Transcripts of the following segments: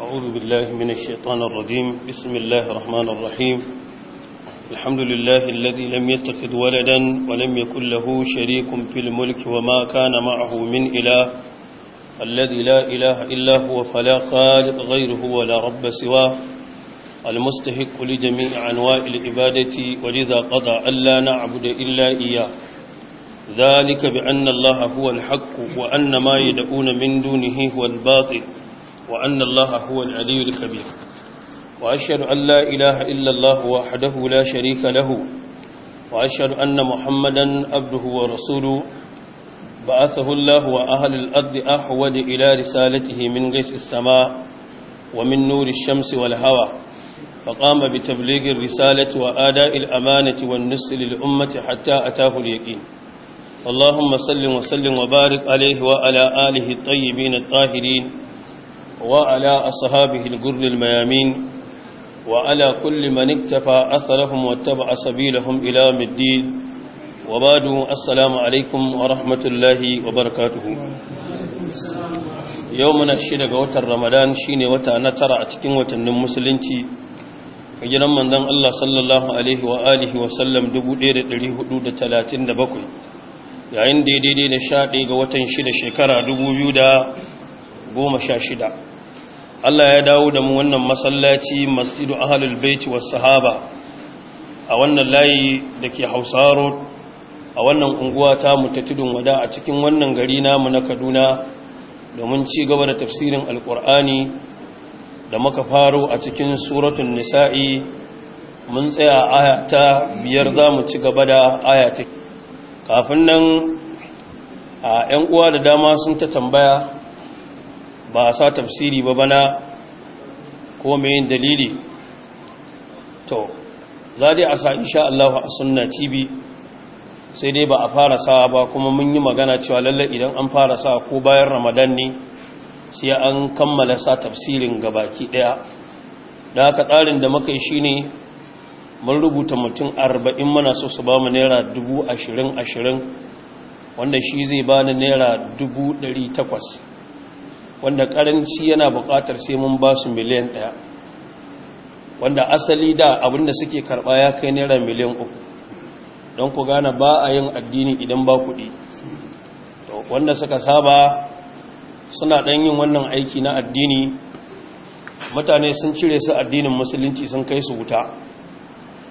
أعوذ بالله من الشيطان الرجيم بسم الله الرحمن الرحيم الحمد لله الذي لم يتخذ ولدا ولم يكن له شريك في الملك وما كان معه من إله الذي لا إله إلا هو فلا خالق غيره ولا رب سواه المستحق لجميع أنواع العبادة ولذا قضى ألا نعبد إلا إياه ذلك بأن الله هو الحق وأن ما يدعون من دونه هو الباطل وأن الله هو العلي الكبير وأشهد أن لا إله إلا الله وحده لا شريك له وأشهد أن محمدا عبده ورسوله بعثه الله وأهل الأرض أحول إلى رسالته من غيث السماء ومن نور الشمس والهوى فقام بتبليغ الرسالة وآداء الأمانة والنص للأمة حتى أتاه اليقين اللهم سلم وسلم وبارك عليه وعلى آله الطيبين الطاهرين وعلى أصحابه الجر الميامين وعلى كل من اكتفى أثرهم واتبع سبيلهم إلى الدين وبعد السلام عليكم ورحمة الله وبركاته يومنا الشيء قوة رمضان شيني وتانا ترى أتكين وتن المسلنتي hijiran manzon Allah sallallahu alaihi wa alihi wa sallam 1437 yayin daidai da 11 ga watan 6 shekara 2016 Allah ya dawo da mu wannan masallaci masjidu ahlul baiti was sahaba a wannan layi dake Hausa road a wannan unguwa ta mu wada a cikin wannan gari namu na Kaduna domin ci gaba da tafsirin alqur'ani da muka faro a cikin suratul nisa'i mun tsaya aya ta biyar zamu ci gaba da aya ta kafin nan a 'yan uwa da dama sun ta tambaya ba a sa tafsiri ba bana ko yin dalili to za dai a sa insha Allah a sunna tv sai dai ba a fara sa ba kuma mun yi magana cewa lalle idan an fara sa ko bayan ramadan ne sai an kammala sa tafsirin gabaki daya da haka tsarin da muka yi shine mun rubuta mutum arba'in muna so su ba mu naira dubu ashirin ashirin wanda shi zai ba ni naira dubu ɗari takwas wanda karanci yana buƙatar sai mun ba su miliyan ɗaya wanda asali da abinda suke karɓa ya kai naira miliyan uku don ku gane ba a yin addini idan ba kuɗi wanda suka saba suna ɗan yin wannan aiki na addini mutane sun cire su addinin musulunci sun kai su wuta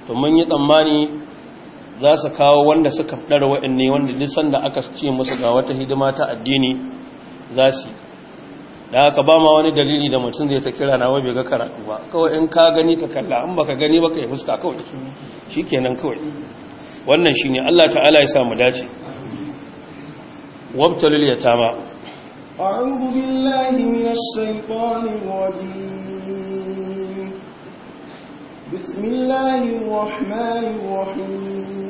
to mun yi tsammani za su kawo wanda suka ɗara ne wanda nisan da aka ce musu ga wata hidima ta addini za su yi. da aka ba ma wani dalili da mutum zai ta kira na wabe ga karatu ba kawai in ka gani ka kalla an baka gani baka yi fuska kawai shi kenan kawai wannan shi ne Allah ta'ala ya samu dace wabtalul ya tama a'udhu billahi minash shaitanir rajim bismillahir rahmanir rahim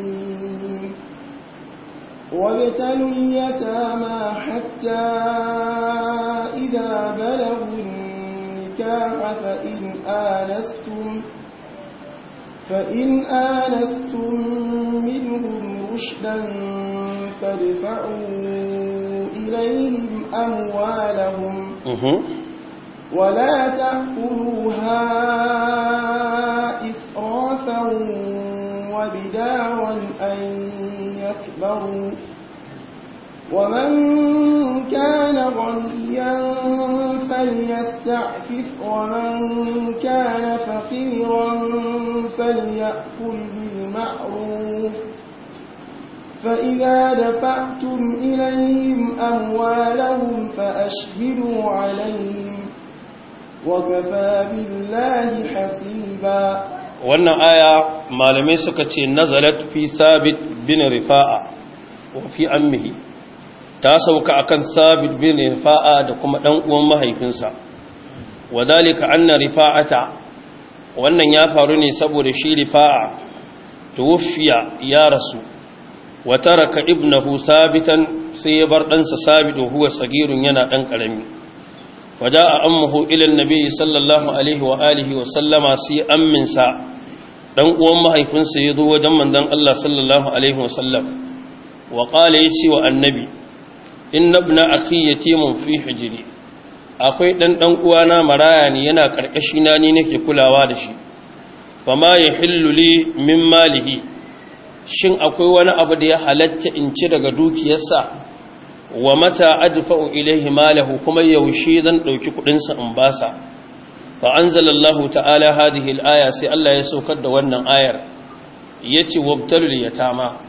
وابتلوا اليتامى حتى إذا بلغوا النكاح فإن آنستم فإن آنستم منهم رشدا فادفعوا إليهم أموالهم ولا تأكلوها إسرافا وبدارا أن أكبر ومن كان غنيا فليستعفف ومن كان فقيرا فليأكل بالمعروف فإذا دفعتم إليهم أموالهم فأشهدوا عليهم وكفى بالله حسيبا wannan aya malamai suka ce nazalat fi sabit bin rifa'a wa fi ammihi ta sauka akan sabit bin rifa'a da kuma dan uwan mahaifinsa wadalika anna rifa'ata wannan ya faru ne saboda shi rifa'a tuwfiya ya rasu wa taraka ibnahu sabitan sai ya bar ɗansa sabit wa huwa sagirun yana dan karami وجاء أمه إلى النبي صلى الله عليه وآله وسلم سي أمنسا dan uwan mahaifinsa ya zo wajen manzon Allah sallallahu alaihi wasallam wa qala yace wa annabi inna ibna akhi yatimun fi hijri akwai dan dan na maraya ne yana karkashi na ni nake kulawa da shi Fa fama yahillu li min malihi shin akwai wani abu da ya halatta in ci daga dukiyarsa wa mata adfa'u ilaihi malahu kuma yaushe zan dauki kudin sa in basa fa anzalallahu ta'ala hadhihi al-aya sai Allah ya saukar da wannan ayar yace wabtalul tama.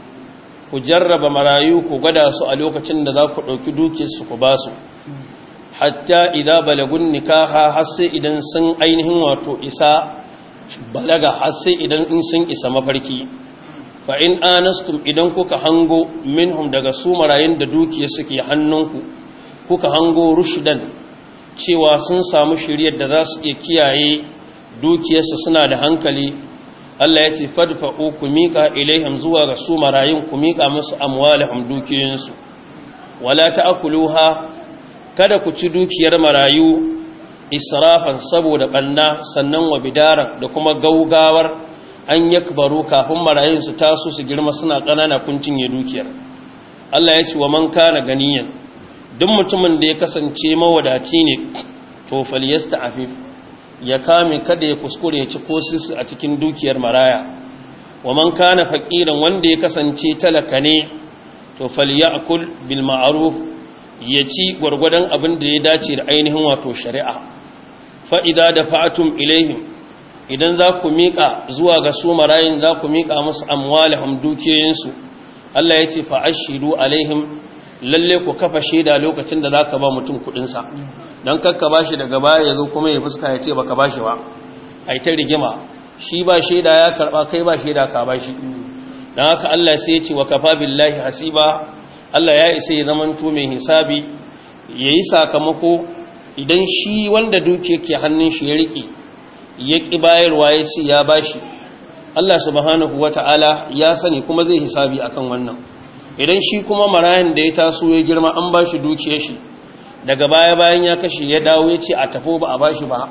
ku jarraba marayu ku gwada su a lokacin da za ku ɗauki dukiyarsu su ku basu hatta idan balagun nikaha har sai idan sun ainihin wato isa balaga har sai idan sun isa mafarki fa in anastum idan kuka hango minhum daga su marayun da dukiyar suke hannunku kuka hango rushdan cewa sun samu shiryar da za su iya kiyaye dukiyarsa suna da hankali Allah ya ce fadfa'u ku miƙa ilaihim zuwa ga su marayun ku miƙa musu amwalahum dukiyoyinsu wala ta'kuluha kada ku ci dukiyar marayu israfan saboda banna sannan wa bid'ara da kuma gaugawar an yakbaru kafin marayun su taso su girma suna ƙanana kun cinye dukiyar Allah ya ce wa man kana ganiyan duk mutumin da ya kasance mawadaci ne to falyasta afif ya kame kada ya kuskure ya ci ko sisi a cikin dukiyar maraya wa man kana faqiran wanda ya kasance talaka ne to falyakul bil ma'ruf ya ci gwargwadon abin da ya dace da ainihin wato shari'a fa da dafa'tum ilaihim idan za ku miƙa zuwa ga su marayin za ku miƙa musu amwalihum dukiyoyinsu Allah ya ce fa ashidu alaihim lalle ku kafa shaida lokacin da za ka ba mutum kudinsa sa kakka ba shi daga baya ya zo kuma ya fuska ya ce ba ka ba shi ba. yi ta rigima shi ba shaida ya karba kai ba shaida ka ba shi. dan haka Allah sai ya ce wa kafa billahi hasiba Allah ya isa ya zamanto mai hisabi ya yi sakamako idan shi wanda duke yake hannun shi ya riƙe ya ƙi bayarwa ya ce ya bashi Allah subhanahu wata'ala ya sani kuma zai hisabi a kan wannan idan shi kuma marayan da ya taso ya girma an ba shi dukiyar shi daga baya bayan ya kashe ya dawo ya ce a tafo ba a ba shi ba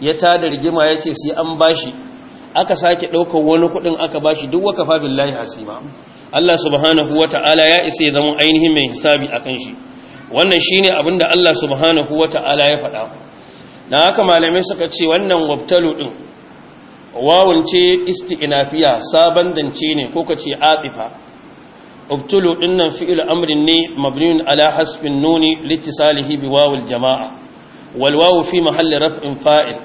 ya ta da rigima ya ce sai an ba shi aka sake ɗaukar wani kuɗin aka ba shi duk waka fabin layi hasima Allah subhanahu wa ta'ala ya isa ya zama ainihin mai hisabi a kan shi wannan shi ne abin da Allah subhanahu wa ta'ala ya faɗa na haka malamai suka ce wannan wabtalo ɗin wawance isti'inafiya sabon dance ne ko ka ce atifa uktulu dinnan fi’il amrin ne mabrin alahaspin nuni littisalihi bi wawul jama’a walwawu fi mahalli raf’in fa’il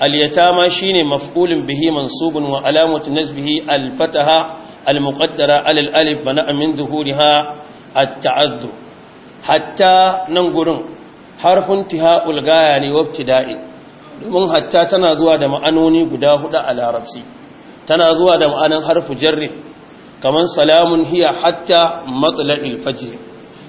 aliyata ma shi mafulin bihi mansubin wa alamut nazbihi alfataha almuqaddara alal’alif ba na’amin zuhuri ha a hatta nan gurin harfin tiha ulgaya ne wafti domin hatta tana zuwa da ma’anoni guda huɗa a tana zuwa da ma’anin harfu jarri kaman salamun hiya hatta matsalar fajr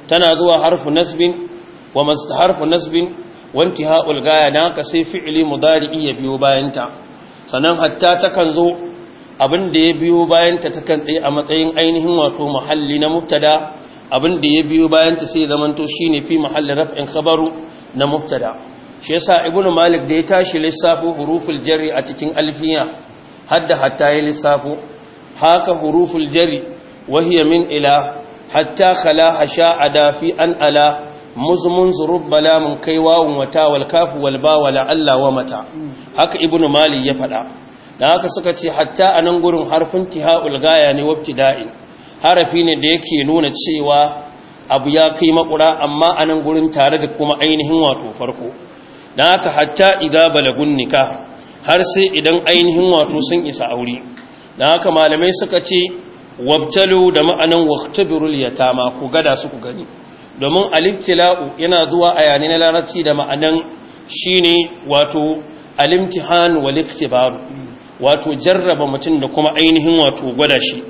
tana zuwa harfu nasbin wa harfu nasbin wa intihaul gaya dan ka sai fi'ili mudari'i ya biyo bayanta sannan hatta takan zo abin da ya biyo bayanta takan tsaye a matsayin ainihin wato muhalli na mubtada abin da ya biyo bayanta sai zamanto shine fi muhalli raf'in khabaru na mubtada shi yasa ibnu malik da ya tashi lissafo huruful jarri a cikin alfiya hadda hatta ya lissafo haka huruful jari wahiya min ila hatta khala hasha adafi an ala muzmun zurub bala mun kai wawun wata wal kafu wal ba wala alla wa mata haka ibnu mali ya fada dan haka suka ce hatta anan gurin harfin tihaul gaya ne wabtida'i harafi ne da yake nuna cewa abu ya kai makura amma anan gurin tare da kuma ainihin wato farko dan haka hatta idza balagun nikah har sai idan ainihin wato sun isa aure Da haka malamai suka ce wabtalu da ma'anan waqtabirul yatama ku gada su ku gani domin alibtila'u yana zuwa a yanayi na larabci da ma'anan shine wato alimtihan wal iktibar wato jarraba mutum da kuma ainihin wato gwada shi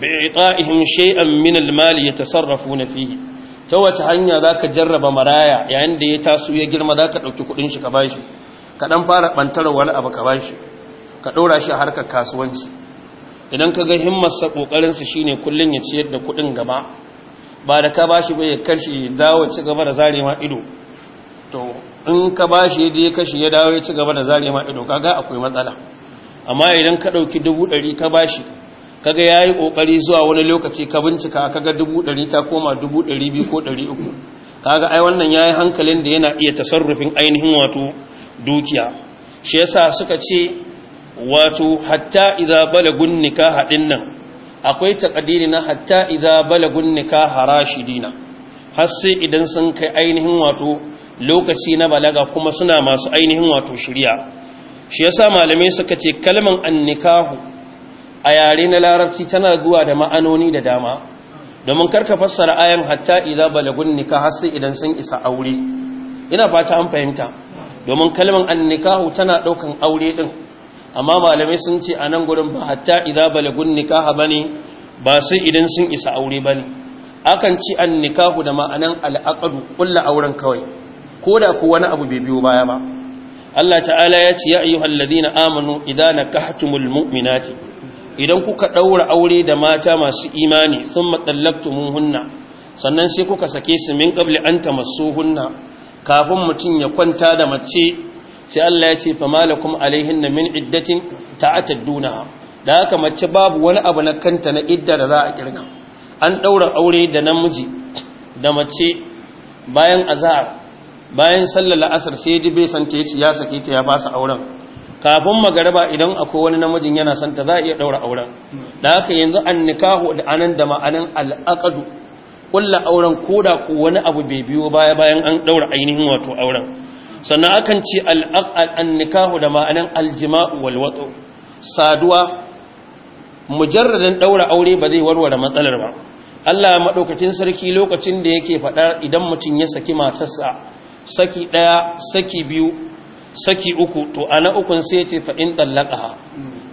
bi ita'ihim shay'an min al-mal yatasarrafuna fihi ta wace hanya zaka jarraba maraya yayin da ya taso ya girma zaka dauki kudin shi ka bashi ka dan fara bantar wani abu ka bashi ka dora shi harkar kasuwanci idan ka ga himmarsa ƙoƙarinsa shi ne kullum ya ciyar da kuɗin gaba ba da ka ba shi bai kashi ya dawo ci gaba da zare ma ido to in ka ba shi ya je kashi ya dawo ya ci gaba da zare ma ido kaga akwai matsala amma idan ka ɗauki dubu ɗari ka ba shi kaga ya yi ƙoƙari zuwa wani lokaci ka bincika kaga dubu ɗari ta koma dubu ɗari biyu ko ɗari uku kaga ai wannan ya yi hankalin da yana iya tasarrufin ainihin wato dukiya shi yasa suka ce wato hatta idza balagun nikaha dinnan akwai taqdiri na hatta idza balagun nikaha rashidina har sai idan sun kai ainihin wato lokaci na balaga kuma suna masu ainihin wato shirya shi yasa malamai suka ce kalman annikahu a yare na larabci tana zuwa da ma'anoni da dama domin karka fassara ayan hatta idza balagun nikaha sai idan sun isa aure ina fata an fahimta domin kalman annikahu tana daukan aure din amma malamai sun ce a nan gudun ba hatta idza balagun nikaha bane ba sai idan sun isa aure bane akan ci an nikahu da ma'anan al'aqdu kullu auren kawai koda ko wani abu bai biyo baya ba Allah ta'ala ya ce ya ayyuhal ladina amanu idza nakahtumul mu'minati idan kuka daura aure da mata masu imani thumma tallaqtumuhunna sannan sai kuka sake su min qabli an tamassuhunna kafin mutum ya kwanta da mace sai Allah ya ce fa malakum alaihinna min iddatin ta'atadduna da haka mace babu wani abu na kanta na idda da za a kirga an daura aure da namiji da mace bayan azhar bayan sallar la'asar sai ji bai santa yace ya sake ta ya fasa auren kafin magaraba idan akwai wani namijin yana santa za a iya daura auren da haka yanzu an nikahu da anan da ma'anan al'aqdu kullu auren koda ko wani abu bai biyo baya bayan an daura ainihin wato auren sannan akan ce al-nikahu da ma'anin aljima'u walwatsu saduwa mujarradin ɗaura aure ba zai warware matsalar ba Allah ya maɗaukacin sarki lokacin da yake faɗa idan mutum ya saki matarsa saki ɗaya saki biyu saki uku to a na ukun sai ce fa in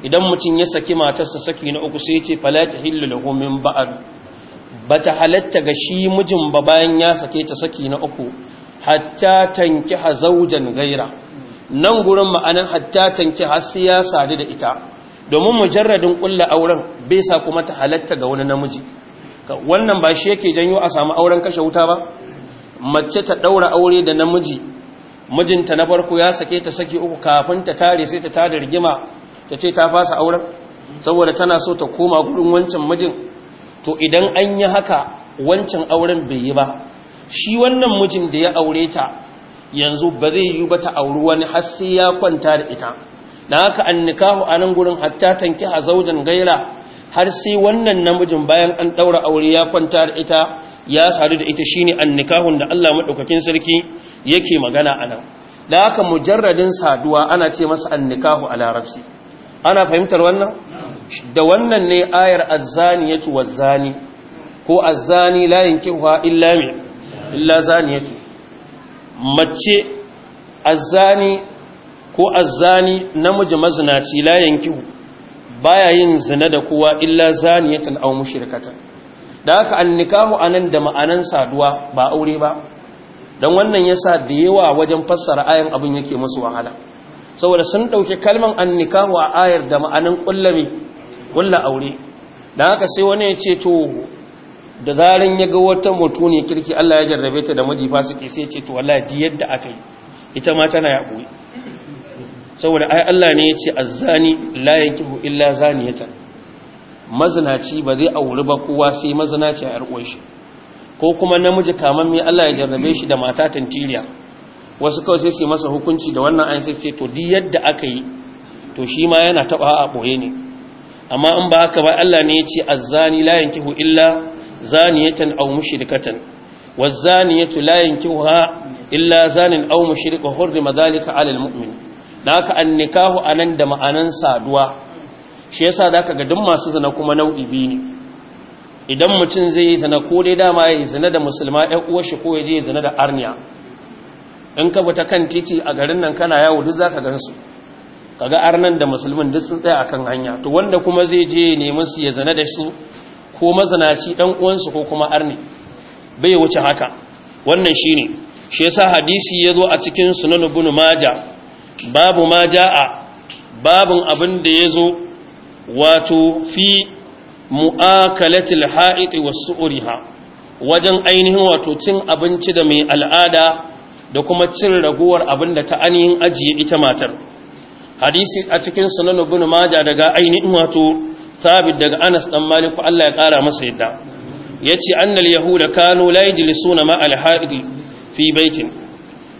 idan mutum ya saki matarsa saki na uku sai ce hillu da homin ba'ar ba bata halatta ga shi mijin ba bayan ya sake ta saki na uku hatta ha zaujan gaira nan gurin ma'anan hatta tanki ha siyasa da ita domin mujarradin kulla auren bai sa kuma ta halatta ga wani namiji wannan ba shi yake janyo a samu auren kashe wuta ba mace ta daura aure da namiji mijinta na farko ya sake ta saki uku kafin ta tare sai ta tada rigima ta ce ta fasa auren saboda tana so ta koma gurin wancan mijin to idan an yi haka wancan auren bai yi ba shi wannan mijin da ya aure ta yanzu ba zai yi ba ta auri wani har sai ya kwanta da ita na haka an nikahu a nan gurin hatta tanki a zaujan gaira har sai wannan namijin bayan an ɗaura aure ya kwanta da ita ya sadu da ita shine an nikahun da Allah madaukakin sarki yake magana a nan da haka mujarradin saduwa ana ce masa an nikahu a larabci ana fahimtar wannan da wannan ne ayar azzani ya wazzani ko azzani layin yankihu illa min illa zaniyatu mace azzani ko azzani namiji mazinaci la yankihu baya yin zina da kowa illa zaniyatan aw mushrikatan da haka annikahu anan da ma'anan saduwa ba aure ba dan wannan yasa da yawa wajen fassara ayan abin yake musu wahala saboda sun dauki kalman annikahu a ayar da ma'anan kullami kullu aure dan haka sai wani ya ce to da zarin ya ga wata ne kirki Allah ya jarrabe ta da miji fasiki sai ce to wallahi di yadda aka yi ita ma tana ya koyi saboda ai Allah ne ya ce azzani la yankihu illa zaniyatan mazinaci ba zai auri ba kowa sai mazinaci a yar shi ko kuma namiji kaman mai Allah ya jarrabe shi da mata tantiriya wasu kawai sai su masa hukunci da wannan an sai to di yadda aka yi to shi ma yana taba a boye ne amma in ba haka ba Allah ne ya ce azzani la yankihu illa zaniyatan aw mushrikatan zaniyatu la yankihuha illa zanin aw mushrik hurrima dhalika 'ala mu'min daka nikahu anan da ma'anan saduwa shi yasa zaka ga duk masu zina kuma nau'i biyu ne idan mutum zai yi zina ko dai dama ya zina da musulma ɗan uwar shi ko yaje zina da arniya in ka buta kan titi a garin nan kana yawo duk zaka gansu kaga arnan da musulmin duk sun tsaya akan hanya to wanda kuma zai je nemi su ya zina da su ko mazanaci ɗan uwansu ko kuma arni bai wuce haka wannan shine shi yasa hadisi ya zo a cikin sunan ibn maja babu majaa babun abin da yazo wato fi mu'akalatil ha'iti wasu'riha wajen ainihin wato cin abinci da mai al'ada da kuma cin raguwar abin da ta ainihin ajiye ita matar hadisi a cikin sunan ibn maja daga ainihin wato sabit daga anas dan maliku Allah ya kara masa yadda yace annal yahuda kanu la yajlisuna ma al fi baitin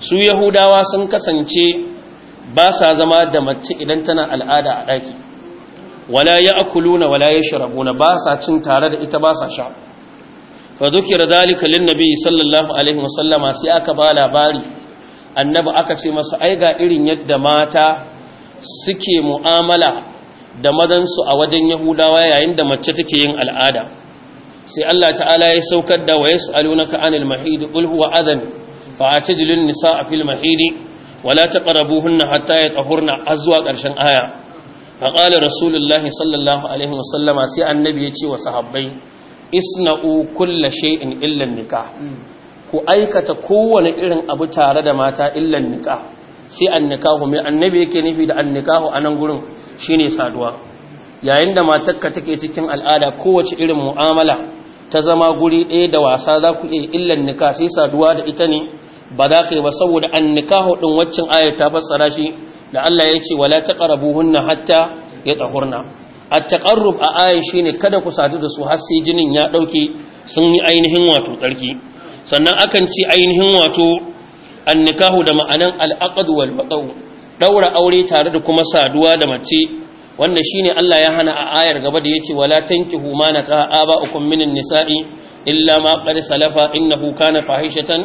su yahudawa sun kasance ba sa zama da mace idan tana al'ada a daki wala yaakuluna wala yashrabuna ba sa cin tare da ita ba sa sha fa dhukira dalika lin nabi sallallahu alaihi wasallama sai aka ba labari annabi aka ce masa ai ga irin yadda mata suke mu'amala da madansu a wajen yahudawa yayin da mace take yin al'ada sai Allah ta'ala ya saukar da wa yas'alunaka anil mahid qul huwa adhan fa'tadilun nisaa fil mahid wala taqrabuhunna hatta yatahurna azwa karshen aya faqala rasulullahi sallallahu alaihi wasallama sai annabi ya ce wa sahabbai isna'u kulla shay'in illa nikah ku aikata kowane irin abu tare da mata illa nikah sai annikahu mai annabi yake nufi da annikahu anan gurin shine saduwa yayin da matarka take cikin al'ada kowace irin mu'amala ta zama guri ɗaya da wasa za ku iya illan nika saduwa da ita ne ba za ka yi ba saboda an nikahu ɗin waccan ayar ta fassara shi da Allah ya ce wala taqrabuhunna hatta yatahurna at-taqarrub a ayar shine kada ku sadu da su har sai jinin ya ɗauke sun yi ainihin wato tsarki sannan akan ce ainihin wato an da ma'anan al wal wal daura aure tare da kuma saduwa da mace wanda shine Allah ya hana a ayar gaba da yace wala tankihu ma naka aba'ukum minan nisa'i illa ma qad salafa innahu kana fahishatan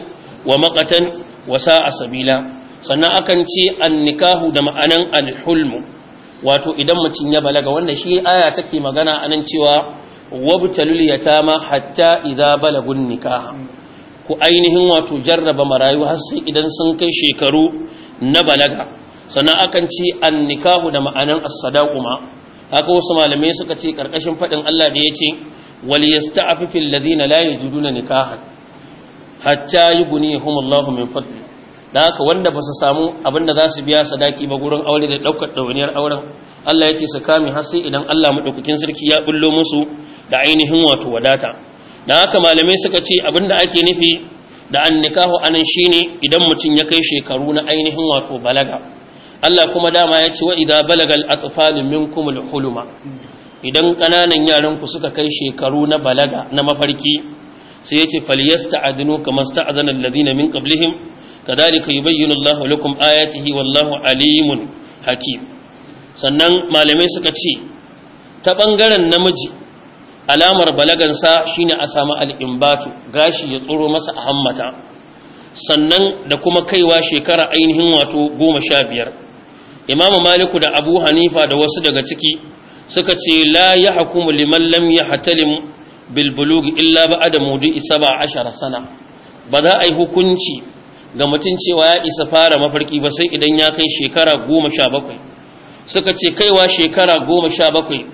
wa maqatan wa sa'a sabila sannan akan ce an nikahu da ma'anan al alhulmu wato idan mutum ya balaga wanda shi aya take magana anan cewa wabtalul yatama hatta idza balagun nikaha ku ainihin wato jarraba marayu har sai idan sun kai shekaru na balaga sannan akan ci an nikahu da ma'anan as-sadaqu ma haka wasu malamai suka ce karkashin fadin Allah da yake wal yasta'fifu ladina la yajiduna nikahan hatta yughnihum Allahu min fadli dan haka wanda ba su samu abinda za su biya sadaki ba gurin aure da daukar dawaniyar auren Allah yake su kame har sai idan Allah madaukakin sarki ya bullo musu da ainihin wato wadata dan haka malamai suka ce abinda ake nufi da an nikahu anan shine idan mutum ya kai shekaru na ainihin wato balaga Allah kuma dama ya ce wa idza balagal atfalu minkum huluma idan kananan yaran ku suka kai shekaru na balaga na mafarki sai yace falyasta'dinu kama sta'zana alladhina min qablihim kadhalika yubayyinu Allahu lakum ayatihi wallahu alimun hakim sannan malamai suka ce ta bangaren namiji alamar balagansa shine a samu al'imbatu gashi ya tsoro masa a hammata sannan da kuma kaiwa shekara ainihin wato goma sha biyar imamu maliku da abu hanifa da wasu daga ciki suka ce la ya hakumu liman lam ya hatalim bilbulug illa ba adamu da isa ba ashara sana ba za a yi hukunci ga mutum cewa ya isa fara mafarki ba sai idan ya kai shekara goma sha bakwai suka ce kaiwa shekara goma sha bakwai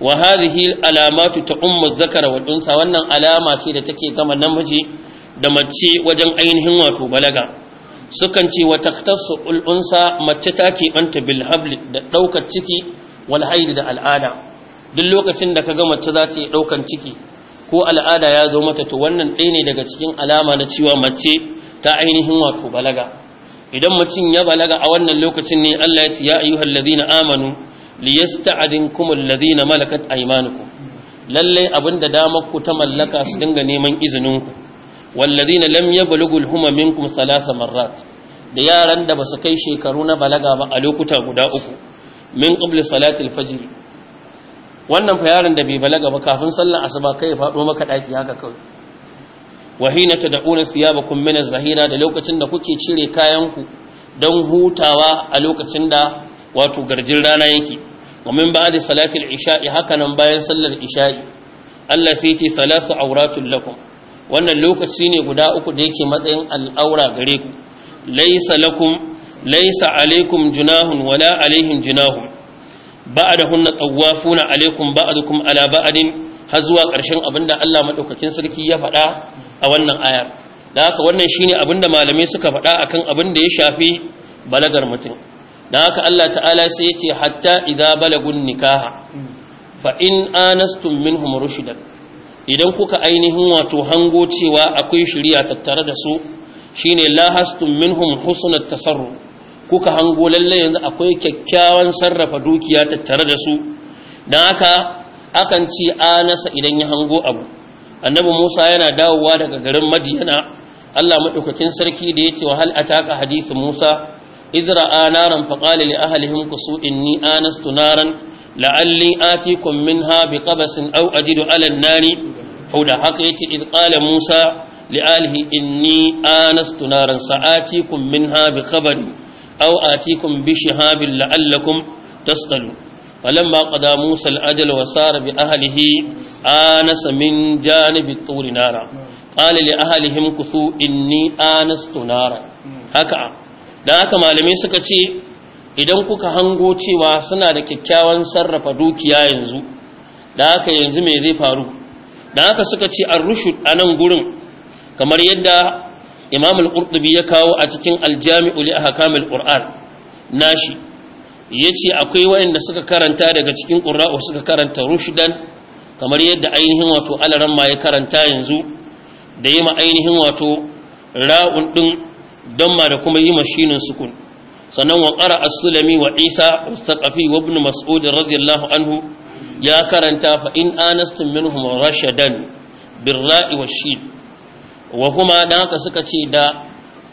wa hadhihi alamatu ta ummu zakara wa dunsa wannan alama sai da take gama namiji da mace wajen ainihin wato balaga sukan ce wa taktasu ul'unsa mace ta ke keɓanta bilhabli da ɗaukar ciki walhaili da al'ada duk lokacin da ka ga mace za ta yi ɗaukar ciki ko al'ada ya zo mata to wannan ɗaya ne daga cikin alama na cewa mace ta ainihin wato balaga idan mutum ya balaga a wannan lokacin ne Allah ya ce ya ayyuhal ladina amanu liyasta'dinkum alladhina malakat aymanukum lalle abinda damar ku ta mallaka su dinga neman izinin ku wallazina lam yablughul huma minkum salasa marrat da yaran da basu kai shekaru na balaga ba a lokuta guda uku min qabli salatil fajr wannan fa yaran da bai balaga ba kafin sallar asuba kai fado maka daki haka kawai wahina tad'una thiyabakum min az-zahira da lokacin da kuke cire kayan ku don hutawa a lokacin da wato garjin rana yake wa min ba'di salatil isha'i haka nan bayan sallar isha'i Allah sai ce salasu auratul lakum wannan lokaci ne guda uku da yake matsayin al'aura gare ku laisa lakum laisa alaikum junahun wala alaihim junahun ba'dahunna tawafuna alaikum ba'dukum ala ba'din har zuwa ƙarshen abinda Allah madaukakin sarki ya faɗa a wannan ayar da haka wannan shine abinda malamai suka faɗa akan abin da ya shafi balagar mutum da haka Allah ta'ala sai ya ce hatta idza balagun nikaha fa in anastum minhum rushdan idan kuka ainihin wato hango cewa akwai shirya tattare da su shine hastum minhum husnat tasarru kuka hango lalle yanzu akwai kyakkyawan sarrafa dukiya tattare da su dan haka akan ci anasa idan ya hango abu annabi Musa yana dawowa daga garin Madiyana Allah madaukakin sarki da yace wa hal ataka hadisi Musa idra anaran faqala li ahlihim qusu inni anastu naran la'alli atikum minha biqabasin aw ajidu 'ala an-nari da haka yace id qala musa li'alihi inni anastu naran sa'atikum minha biqabari aw atikum bishihabin la'allakum tasqalu falamma qada musa la'ajal wa sara bi ahlihi anasa min janibi at-tur nara qala li ahlihim in ni anas naran haka dan haka malamai suka ce idan kuka hango cewa suna da kyakkyawan sarrafa dukiya yanzu da haka yanzu mai zai faru da haka suka ce an rushe a nan gurin kamar yadda imam al ya kawo a cikin aljami'u li ahkamil qur'an nashi yace akwai wayanda suka karanta daga cikin qurra'u suka karanta rushdan kamar yadda ainihin wato alaran ma ya karanta yanzu da yima ainihin wato ra'un din damma da kuma yi mashinin sukun sannan wa ƙara as wa isa al wa ibn mas'ud radiyallahu anhu ya karanta fa in anastum minhum rashadan birra'i washid wa kuma dan haka suka ce da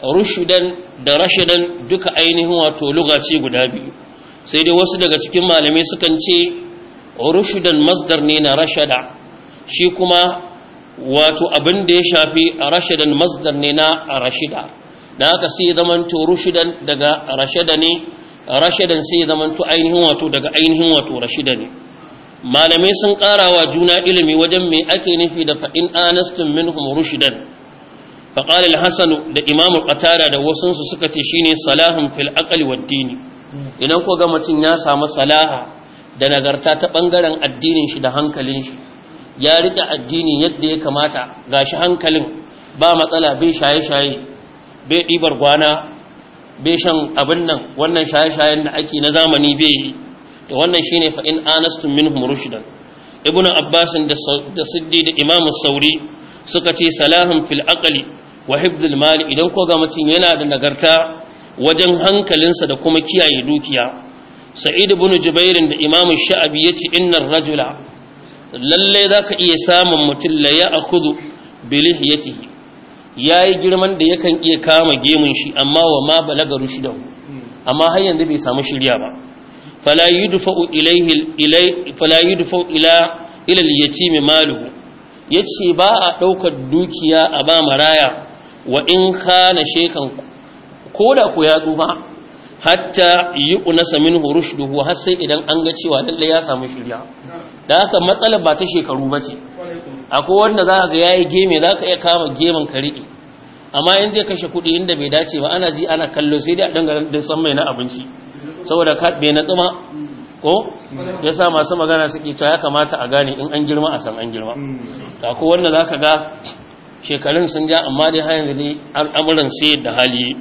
rushudan da rashadan duka ainihin wato lugaci guda biyu sai dai wasu daga cikin malamai sukan ce rushudan masdar ne na rashada shi kuma wato abin da ya shafi rashadan masdar ne na rashida da aka sai zamanto rushidan daga rashida ne rashadan sai zamanto ainihin wato daga ainihin wato rashida ne malamai sun karawa juna ilimi wajen me ake nufi da fa'in anastum minhum rushidan faqala al-hasan da imam qatada da wasun su suka ce shine salahun fil aqli wad dini idan ko ga mutun ya samu salaha da nagarta ta bangaren addinin shi da hankalin shi ya rike addini yadda ya kamata gashi hankalin ba matsala bai shaye-shaye bai ɗibar gwana bai shan abin nan wannan shaye-shayen da ake na zamani bai yi da wannan shi ne fa'in anastun minhum rushdan ibn abbasin da siddi da imamun sauri suka ce salahun fil'akali wa hibdul mali idan ko ga mutum yana da nagarta wajen hankalinsa da kuma kiyaye dukiya sa'id ibn jubairin da imamun sha'abi yace innan rajula za zaka iya samun mutum la ya'khudhu bi lihiyatihi ya yi girman da yakan iya kama gemun shi amma wa ma balaga rushidahu amma har yanzu bai samu shirya ba Falayi dufa ilayhi fala yudfa'u mai malu ya ce ba a daukar dukiya a ba maraya wa in na shekan da ku ya tsufa hatta yi min minhu rushduhu har sai idan an ga cewa lalle ya samu shirya da haka matsalar ba ta shekaru bace akwai wanda za ga yayi geme za ka iya kama gemin ka riƙe amma in zai kashe kuɗi inda bai dace ba ana ji ana kallo sai dai a dangaren da san mai na abinci saboda ka bai na tsuma ko ya sa masu magana suke cewa ya kamata a gane in an girma a san an girma ta ko wanda za ka ga shekarun sun ja amma dai har yanzu dai al'amuran sai da hali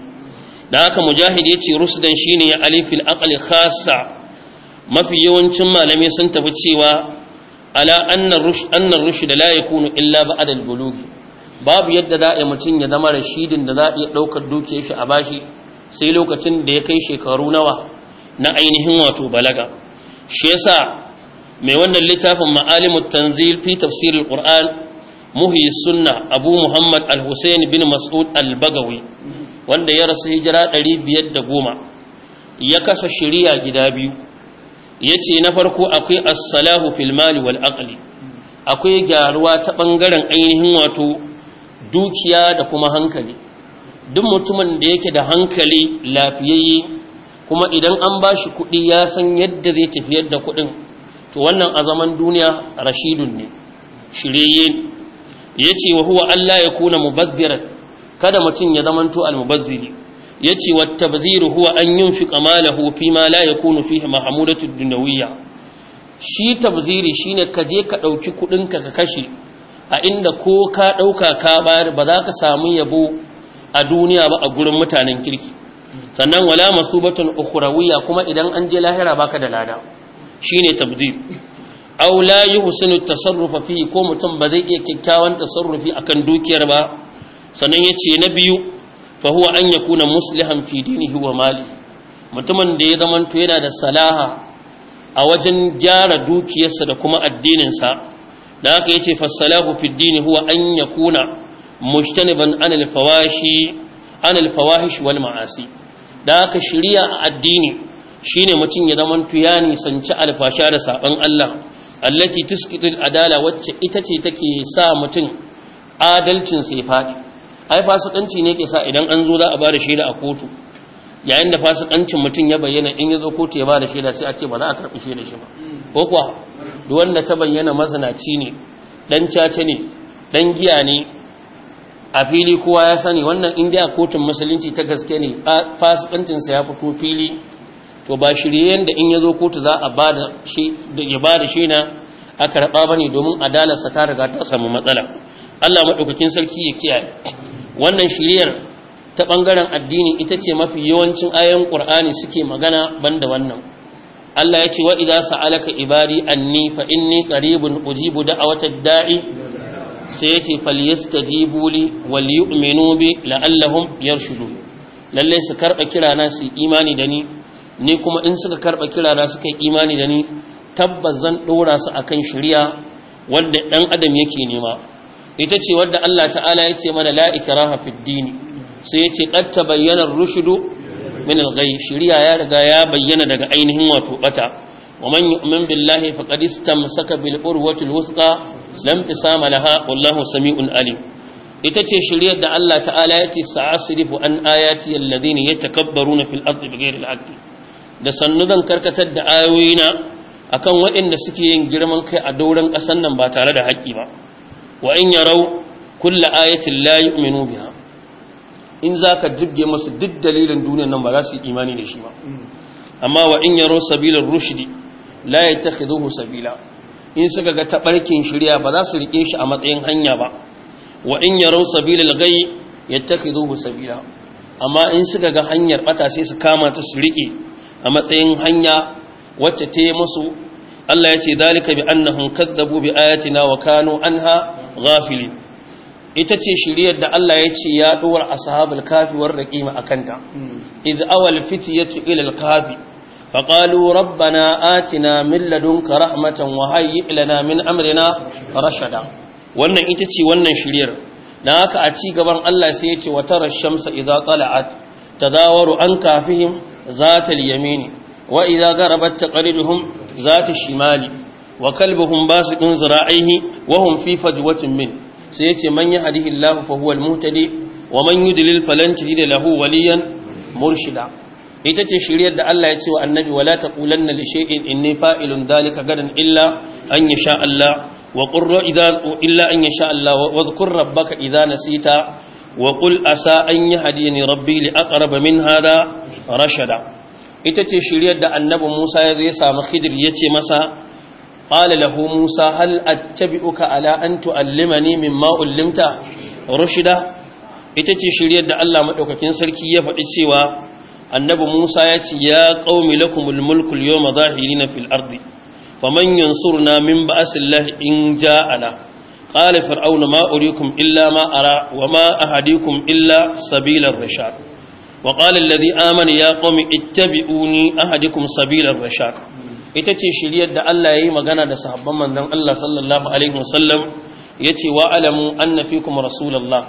da haka mujahid ya ce rusdan shine ya alifil aqli khassa mafi yawancin malamai sun tafi cewa ala annan rushd annar rushd kunu illa ba'da al babu yadda za a mutum ya zama rashidin da za a iya ɗaukar dukiyar shi a bashi sai lokacin da ya kai shekaru nawa na ainihin wato balaga shi yasa mai wannan littafin ma'alimu tanzil fi Tafsirin al-qur'an muhyi sunna abu muhammad al-husayn bin mas'ud al-bagawi wanda ya rasu hijira 510 ya kasa shari'a gida biyu yace na farko akwai as-salahu fil wal aqli akwai gyaruwa ta bangaren ainihin wato dukiya da kuma hankali duk mutumin da yake da hankali lafiyayye kuma idan an ba shi kuɗi ya san yadda zai tafiyar da kuɗin to wannan a zaman duniya rashidun ne shirye yace wa huwa Allah ya kuna mubazziran kada mutum ya zamanto al-mubazziri yace wa tabziru huwa an yunfiqa malahu fi ma la yakunu fihi mahmudatu dunawiyya shi tabziri shine ka je ka ɗauki kuɗinka ka ka kashe a inda ko ka ɗauka ka bayar ba za ka samu yabo a duniya ba a gurin mutanen kirki sannan wala masubatun ukhrawiyya kuma idan an je lahira baka da lada shine tabzir aw la yuhsinu tasarrufa fi ko mutum ba zai iya kyakkyawan tasarrufi akan dukiyar ba sannan yace na biyu fa huwa an yakuna muslihan fi dinihi wa Mali mutumin da ya zamanto yana da salaha a wajen gyara dukiyarsa da kuma addininsa da haka yace fasalahu fi dini huwa an yakuna mujtaniban an fawashi fawahish wal ma'asi da haka shari'a a addini shine mutum ya zamanto ya nisanci alfasha da saban Allah allati tuskitul adala wacce ita ce take sa mutum adalcin ya fadi ai fasikanci ne ke sa idan an zo za a ba da shaida a kotu yayin da fasikancin mutum ya bayyana in ya zo kotu ya ba da shaida sai a ce ba za a karɓi shaida shi ba ko kuwa duk wanda ta bayyana masana'ci ne dan caca ne dan giya ne a fili kowa ya sani wannan indiya a kotun musulunci ta gaske ne sa ya fito fili to ba shirye da in ya zo kotu za a ya ba da shaida a karɓa bane ne domin adalarsa ta riga ta samu matsala allah maɗaukakin sarki ya kiyaye wannan shiriyar ta ɓangaren addini ita ce mafi yawancin ayoyin ƙur'ani suke magana banda wannan Allah ya ce wa idza sa'alaka ibadi anni fa inni qaribun ujibu da'awatad da'i sai ya ce falyastajibu li wal yu'minu bi la'allahum yarshudun lalle su karba kirana su imani da ni ni kuma in suka karba kirana suka yi imani da ni tabbas zan dora su akan shari'a wanda dan adam yake nema ita ce wadda Allah ta'ala ya ce mana la Raha fid sai ya ce qad tabayyana ar min al ya riga ya bayyana daga ainihin wato bata wa man yu'min billahi faqad istamsaka bil urwati al lam tisama laha wallahu sami'un alim ita ce shari'ar da Allah ta'ala ya ce sa'asrifu an ayati alladhina yatakabbaruna fil ardi bighayri al-haqqi da sannudan karkatar da ayoyina akan waɗanda suke yin girman kai a dauran ƙasar nan ba tare da haƙƙi ba wa in yarau kulla ayatin la yu'minu biha in zaka jibge musu duk dalilin duniyar nan ba za su yi imani da shi ba amma wa in yarau sabilar rushdi la yattakhiduhu sabila in suka ga tabarkin shirya ba za su rike shi a matsayin hanya ba wa in yarau sabilal ghayy yattakhiduhu sabila amma in suka ga hanyar bata sai su kama ta su rike a matsayin hanya wacce ta yi musu Allah ya ce zalika bi annahum kazzabu bi ayatina wa kanu anha ghafilin ita ce shiriyar da Allah ya ce ya duwar ashabul kafi war raqima akanta hmm. id awal fitiyatu ila al kafi فقالوا atina آتنا من لدنك رحمة وهيئ lana min أمرنا rashada. wannan ita ce wannan shiryar dan haka a ci gaban Allah sai yace wa tara shamsa idza tala'at tadawaru an kafihim zatal yamin wa idza garabat taqriduhum zati shimali wa kalbuhum basiqun zira'ihi wa hum fi fajwatin min sai yace manya yahdihi Allahu fa huwa al-muhtadi wa man yudlil da tajida lahu waliyan murshida ita ce shiryar da Allah ya ce wa annabi wala taqulanna li shay'in inni fa'ilun dhalika gadan illa an illa an Allah wa dhkur rabbaka idza nasita wa qul asa an yahdini rabbi li aqrab min hadha rashada ita ce shiryar da annabi Musa ya zai samu Khidir ya ce masa qala lahu Musa hal attabi'uka ala an tu'allimani min ullimta rushida ita ce shiryar da Allah madaukakin sarki ya faɗi cewa annabi Musa ya ce ya qaumi lakumul mulku al-yawma na fil ardi faman surna min ba'sillahi in ja'ana qala fir'auna ma uriikum illa ma'ara wa ma ahadikum illa sabilar rashad wa qala allazi amana ya qaumi ittabi'uni ahadukum sabila rashad ita ce shiryar da Allah ya yi magana da sahabban manzon Allah sallallahu alaihi wasallam yace wa alamu anna fikum rasulullah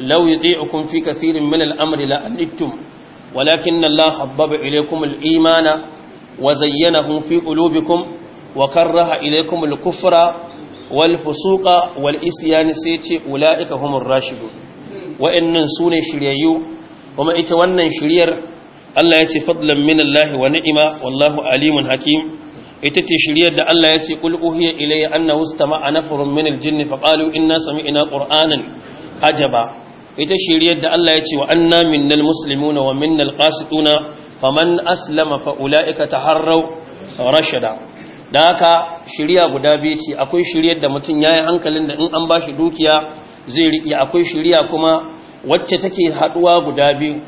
law yuti'ukum fi kathirin min al-amri la anittum walakinna Allah habbaba ilaykum al-imana wa zayyanahu fi qulubikum wa karraha ilaykum al-kufra wal fusuqa wal isyan sayati ulaika humur rashidun wa'annan sune shiryayyu kuma ita wannan shiryar Allah ya ce fadlan min Allah wa ni'ima wallahu alimun hakim ita ce shiryar da Allah ya ce qul uhiya ilayya annahu istama'a nafarun min al-jinni fa qalu inna sami'na qur'anan ajaba ita shiryar da Allah ya ce wa anna minnal muslimuna wa minnal qasituna faman aslama fa ulaika taharraw rashada da haka shirya guda biyu ce akwai shiryar da mutum yayi hankalin da in an bashi dukiya zai riƙe akwai shirya kuma wacce take haduwa guda biyu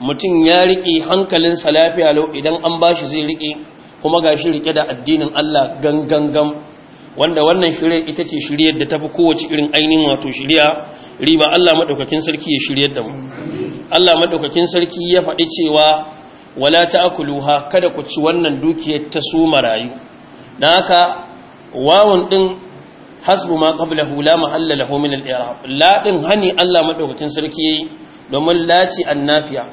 mutum ya riƙe hankalinsa lafiya lau idan an ba shi zai riƙe kuma ga shi riƙe da addinin Allah gangangam wanda wannan shirya ita ce shiryar da tafi kowace irin ainihin wato shirya riba Allah maɗaukakin sarki ya shiryar da mu Allah maɗaukakin sarki ya faɗi cewa wala ta akuluha kada ku ci wannan dukiyar ta su marayu Na haka wawun ɗin. hasbu ma qablahu la mahalla lahu min al-i'rab hani Allah madaukakin sarki domin lati annafiya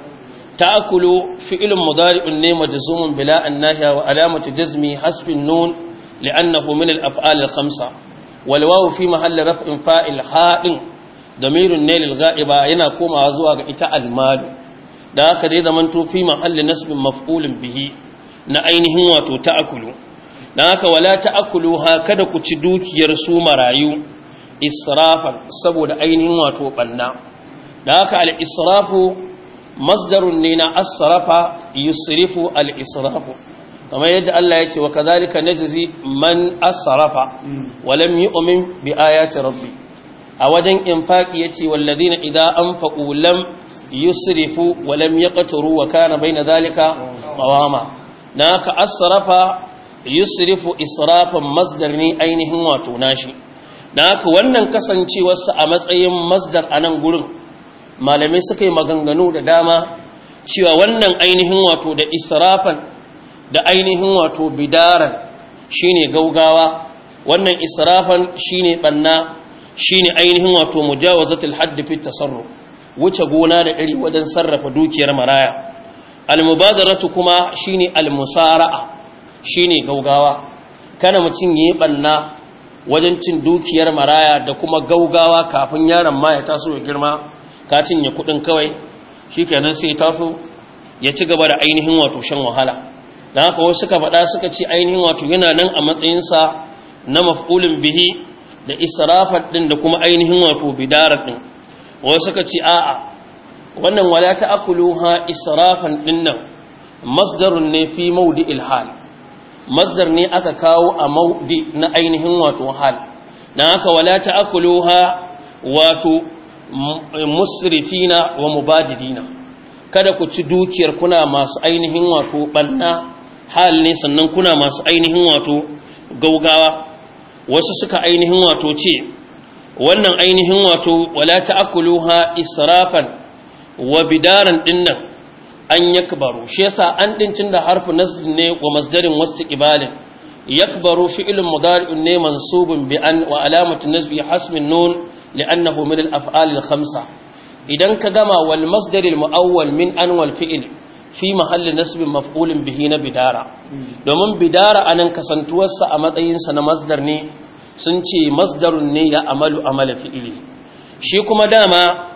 ta'kulu fi'lun mudari'un ne majzumun bila annahiya wa alamatu jazmi hasbin nun li'annahu min al-af'al al-khamsa wal wawu fi mahalli raf'in fa'il ha'in damirun ne lil gha'iba yana komawa zuwa ga ita al-malu da haka dai zaman to fi mahalli nasbin maf'ulin bihi na ainihin wato ta'kulu don haka wala haka kada ku ci dukiyar su marayu israfan saboda ainihin wato banna don haka al masdarun ne na asrafa yusrifu al-israfu kamar yadda Allah ya ce wa na najzi man asrafa wa lam yu'min bi ayati rabbi a wajen infaqi yace walladina idza anfaqu lam yusrifu wa lam yaqturu wa kana na zalika qawama ka asrafa yusrifu israfan masdar ni ainihin wato nashi dan haka wannan kasancewarsa a matsayin masdar a nan gurin malamai suka yi maganganu da dama cewa wannan ainihin wato da israfan da ainihin wato bidaran shine gaugawa wannan israfan shine banna shine ainihin wato mujawazatul hadd fi tasarruf wuce gona da iri wajen sarrafa dukiyar maraya al almubadaratu kuma shine al musara'a shine gaugawa kana mutum yayi banna wajen cin dukiyar maraya da kuma gaugawa kafin yaron ma ya taso ya girma ka cinye kudin kawai shikenan sai taso ya ci gaba da ainihin wato shan wahala dan haka wasu suka faɗa suka ci ainihin wato yana nan a matsayinsa na maf'ulin bihi da israfat din da kuma ainihin wato bidara ɗin. wasu suka ci a'a wannan wala ha israfan din nan masdarun ne fi mawdi'il hal masdar ne aka kawo a maudi na ainihin wato hal dan aka wala ta'kuluha wato musrifina wa mubadidina kada ku ci dukiyar kuna masu ainihin wato banna hal ne sannan kuna masu ainihin wato gaugawa wasu suka ainihin wato ce wannan ainihin wato wala ta'kuluha israfan wa bidaran dinnan an yakbaru shi yasa an ɗincin da harfu nasb ne wa masdarin wastiqbalin yakbaru fi'lun mudari'un ne mansubin bi an wa alamatu nasbi hasmin nun li'annahu min af'alil afal khamsa idan ka gama wal masdar al-muawwal min an wal fi'l fi mahallin nasbin maf'ulin bihi na bidara domin bidara anan kasantuwarsa a matsayinsa na masdar ne sun ce masdarun ne ya amalu amala fi'ili shi kuma dama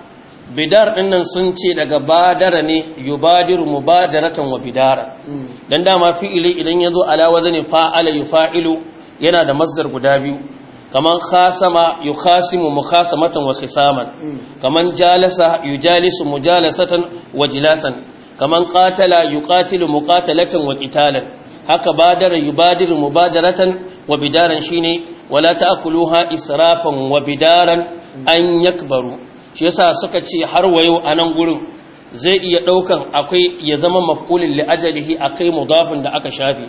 bidar nan sun ce daga badara ne yubadiru mubadaratan wa bidara hmm. dan dama fi'ili idan yazo ala wazni fa'ala yufa'ilu yana da masdar guda biyu kaman khasama yukhasimu mukhasamatan wa khisaman hmm. kaman jalasa yujalisu mujalasatan wa jilasan kaman qatala yuqatilu muqatalatan wa qitalan haka badara yubadiru mubadaratan wa bidaran shine wala ta'kuluha israfan wa bidaran an yakbaru shi yasa suka ce har wayo a nan gurin zai iya ɗaukan akwai ya zama mafkulin li'ajalihi a kai mudafin da aka shafi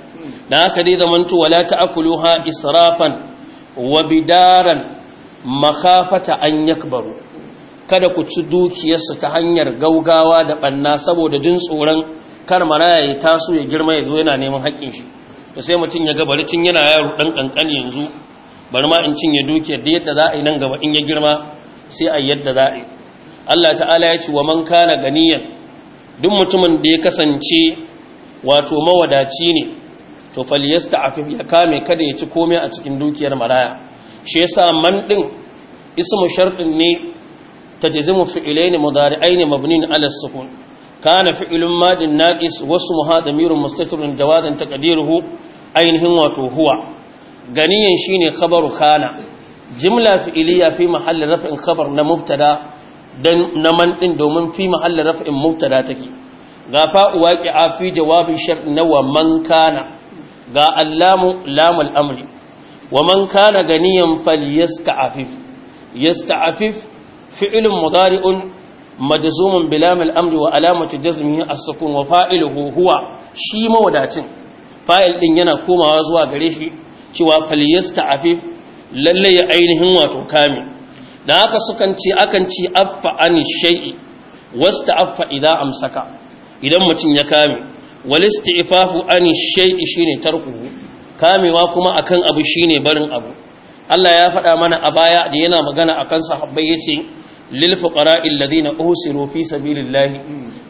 Na haka dai zamantu wala ta'kuluha israfan wa bidaran makhafata an yakbaru kada ku ci dukiyarsu ta hanyar gaugawa da banna saboda jin tsoron kar maraya ya taso ya girma ya zo yana neman haƙƙin shi to sai mutum ya ga bari tun yana yaro dan kankani yanzu bari ma in cinye dukiyar da yadda za a yi nan gaba in ya girma sai a yadda za a yi Allah ta'ala ya ci wa man kana ganiyan duk mutumin da ya kasance wato mawadaci ne to falyasta'afif ya kame kada ya ci komai a cikin dukiyar maraya shi yasa man din ismu shartin ne fi'ilai ne mudari'ain mabnin 'ala sukun kana fi'ilun madin naqis wasu muhadamirun mustatirun jawadan taqdiruhu ainihin wato huwa ganiyan shine khabaru kana jimla fi'iliya fi mahallin raf'in khabar na mubtada dan na man din domin fi mahallin raf'in mubtada take ga fa'u waqi'a fi jawabi shart na wa man kana ga allamu lamul amri wa man kana ganiyan falyasta'afif yasta'afif fi'lun mudari'un majzumun bilamil amri wa alamatu jazmihi as-sukun wa fa'iluhu huwa shi mawadacin fa'il din yana komawa zuwa gare shi cewa falyasta'afif lalle ya ainihin wato kame da haka sukan ce akan ci affa an shay'i wasta affa idan amsaka idan mutum ya kame wal isti'fafu an shay'i shine tarkuhu kamewa kuma akan abu shine barin abu Allah ya faɗa mana a baya da yana magana akan sahabbai yace lil fuqara'i alladhina usiru fi sabilillahi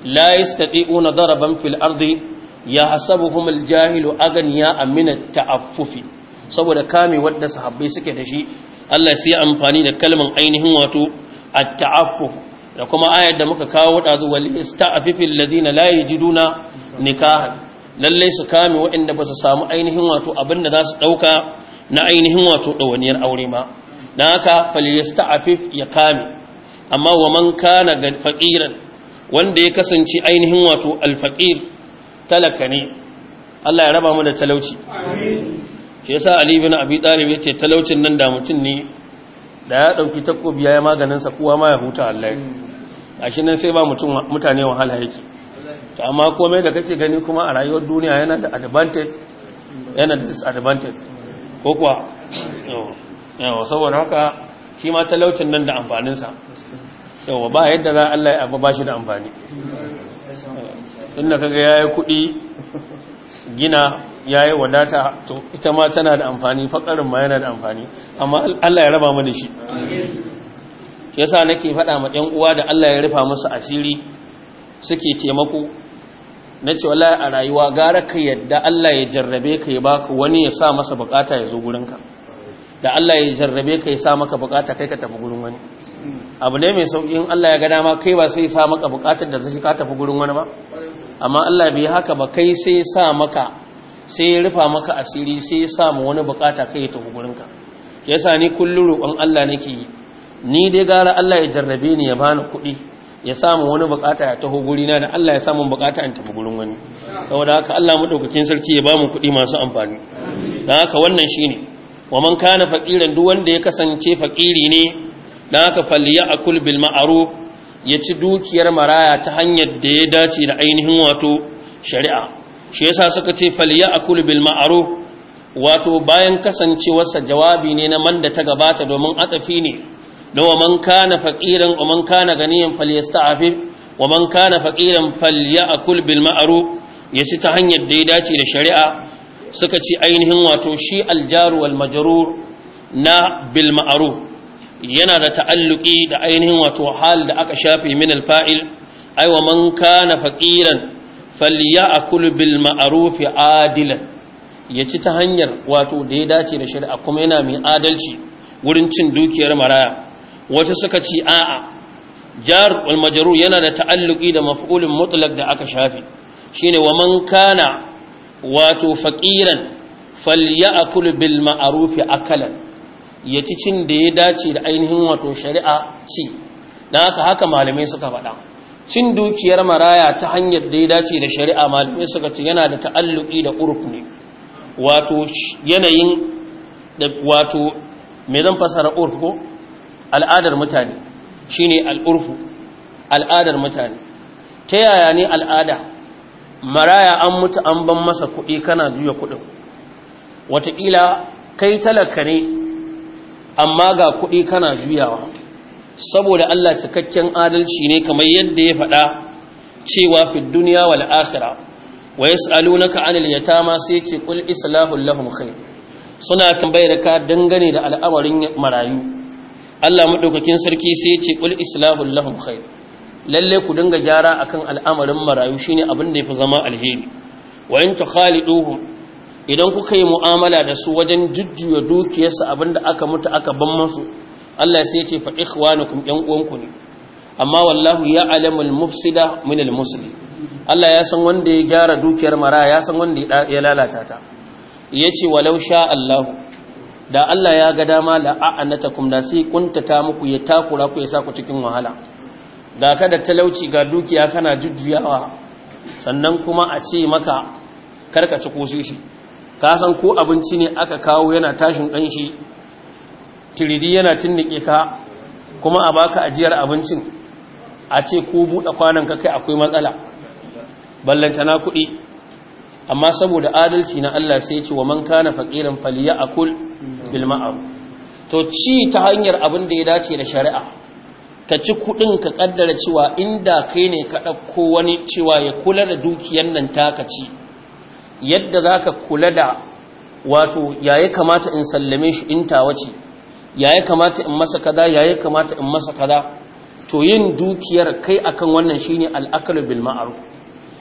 la yastati'una daraban fil ardi yahsabuhum al jahilu aghniya min ta'affufi saboda kame wadda sahabbai suke da shi Allah sai ya amfani da kalman ainihin wato at-ta'affuf da kuma ayar da muka kawo dazu wal ista'afifil ladina la yajiduna nikahan lalle su kame waɗanda ba su samu ainihin wato abinda za su dauka na ainihin wato dawaniyar aure ma dan haka fal yasta'afif ya kame amma wa man kana faqiran wanda ya kasance ainihin wato al-faqir talaka ne Allah ya raba mu da talauci amin ke sa ali ibn abi talib ce talaucin nan da mutun ne da ya ɗauki takobi ya maganin sa kowa ma ya huta a shi nan sai ba mutun mutane wahala yake to amma komai da kace gani kuma a rayuwar duniya yana da advantage yana da disadvantage ko kuwa yawa saboda haka shi ma talaucin nan da amfanin sa yawa ba yadda za Allah ya ba shi da amfani inda kaga yayi kuɗi gina yayi wadata to ita ma tana da amfani fakarin ma yana da amfani amma Allah ya raba mu da shi shi yasa nake faɗa ma ɗan uwa da Allah ya rufa musu asiri suke taimako na ce wallahi a rayuwa gara ka yadda Allah ya jarrabe ka ya baka wani ya sa masa bukata ya zo ka da Allah ya jarrabe ka ya sa maka bukata kai ka tafi gurin wani abu ne mai sauƙin Allah ya ga dama kai ba sai ya sa maka bukatar da zai ka tafi gurin wani ba amma Allah bai haka ba kai sai ya sa maka sai ya rufa maka asiri sai ya samu wani bukata kai ya tafi gurinka yasa ni kullum roƙon Allah nake yi ni dai gara Allah ya jarrabe ni ya bani kuɗi ya samu wani bukata ya taho gurina da Allah ya samu bukata in tafi gurin wani saboda haka Allah madaukakin sarki ya bamu kuɗi masu amfani dan haka wannan shine wa man kana faqiran duk wanda ya kasance faqiri ne dan haka falyakul bil ma'ruf ya ci dukiyar maraya ta hanyar da ya dace da ainihin wato shari'a shi yasa suka ce faliya bil ma'ruf wato bayan kasancewarsa jawabi ne na man da ta gabata domin atafi ne da wa man kana faqiran wa man kana ganiyan falyasta'afif wa man kana faqiran falyakul bil ma'ruf yace ta hanyar da ya dace da shari'a suka ce ainihin wato shi aljaru wal majrur na bil ma'ruf yana da ta'alluki da ainihin wato hal da aka shafe min al fa'il ai wa man kana faqiran falyakul bil ma'ruf adilan ya ci ta hanyar wato da ya dace da shari'a kuma yana mai adalci wurin cin dukiyar maraya wasu suka ci a'a jar wal yana da ta'alluki da mafulin mutlaq da aka shafi shine wa man kana wato faqiran falyakul bil ma'ruf akalan ya ci cin da ya dace da ainihin wato shari'a ci Na haka haka malamai suka faɗa cin dukiyar maraya ta hanyar da ya dace da shari'a malamai suka ce yana da ta'alluki da urf ne wato yanayin da wato mai zan fasara urufu? ko al'adar mutane shi ne al'urfu al'adar mutane ta yaya ne al'ada maraya an mutu an ban masa kuɗi kana juya kuɗin wataƙila kai talaka ne amma ga kuɗi kana juyawa saboda Allah cikakken adalci ne kamar yadda ya faɗa cewa fi duniya wal akhirah wa yas'alunaka 'anil yatama sai ce qul islahu lahum khair suna tambayar ka dangane da al'amarin marayu Allah madaukakin sarki sai ce qul islahu lahum khair lalle ku dinga jara akan al'amarin marayu shine abin da ya fi zama alheri wa in tukhaliduhum idan kuka yi mu'amala da su wajen jujjuya dukiyarsa abinda aka mutu aka ban masu Allah sai ce fa ikhwanukum yan uwanku ne amma wallahu ya alamul mufsida min al musli Allah ya san wanda ya gyara dukiyar mara ya san wanda ya lalata ta yace walau sha Allah da Allah ya ga dama la a'anatakum da sai kuntata muku ya takura ku ya sa ku cikin wahala da ka da talauci ga dukiya kana jujjuyawa sannan kuma a ce maka karkace ci shi ka san ko abinci ne aka kawo yana tashin danshi tiridi yana tinnike ka kuma a baka ajiyar abincin a ce ko buɗe kwanan ka kai akwai matsala ballanta na kuɗi amma saboda adalci na Allah sai ce wa man kana faqiran faliya akul bil ma'ruf to ci ta hanyar abin da ya dace da shari'a ka ci kuɗin ka kaddara cewa inda kai ne ka ɗauko wani cewa ya kula da dukiyar nan taka ci yadda zaka kula da wato yayi kamata in sallame shi in wace. ya ya kamata in masa kada ya kamata in masa kada to yin dukiyar kai akan wannan shine al'akalu bil ma'ruf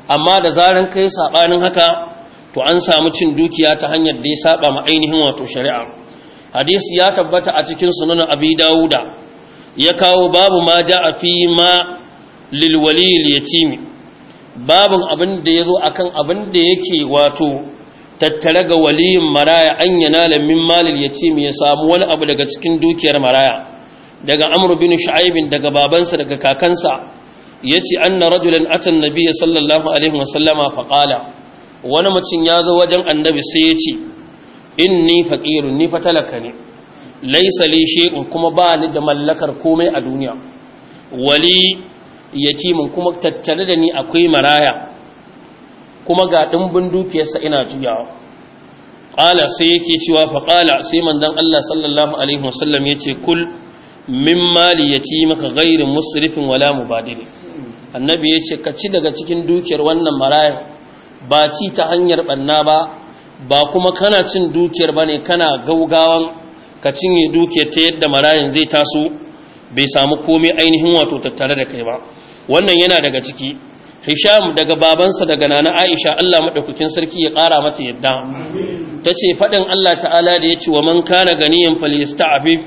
amma da zaran kai saɓanin haka to an samu cin dukiya ta hanyar da ya saɓa ma ainihin wato shari'a hadisi ya tabbata a cikin sunan abi dauda ya kawo babu ma ja'a fi ma lil wali yatimi babun abin da yazo akan abin da yake wato tattare ga waliyin maraya an da min malil yatim ya samu wani abu daga cikin dukiyar maraya daga amru bin shu'aib daga babansa daga kakansa yace anna rajulan atan ya sallallahu alaihi wasallama fa wani mutum ya zo wajen annabi sai yace inni faqirun ni fa talaka ne laysa li shay'un kuma ba ni da mallakar komai a duniya wali yatimin kuma tattare da ni akwai maraya kuma ga dimbin dukiyarsa ina juyawa Ƙala sai yake cewa fa qala sai manzon Allah sallallahu alaihi wasallam yace kul min mali yatimaka ghairu musrifin wala mubadil annabi yace ka ci daga cikin dukiyar wannan maraya ba ci ta hanyar banna ba ba kuma kana cin dukiyar bane kana gaugawan ka cinye dukiyar ta yadda marayan zai taso bai samu komai ainihin wato tattare da kai ba wannan yana daga ciki hisham daga babansa daga nana aisha Allah madaukakin sarki ya ƙara mata yadda tace faɗin Allah ta'ala da yace wa man kana ganiyan falyasta'fif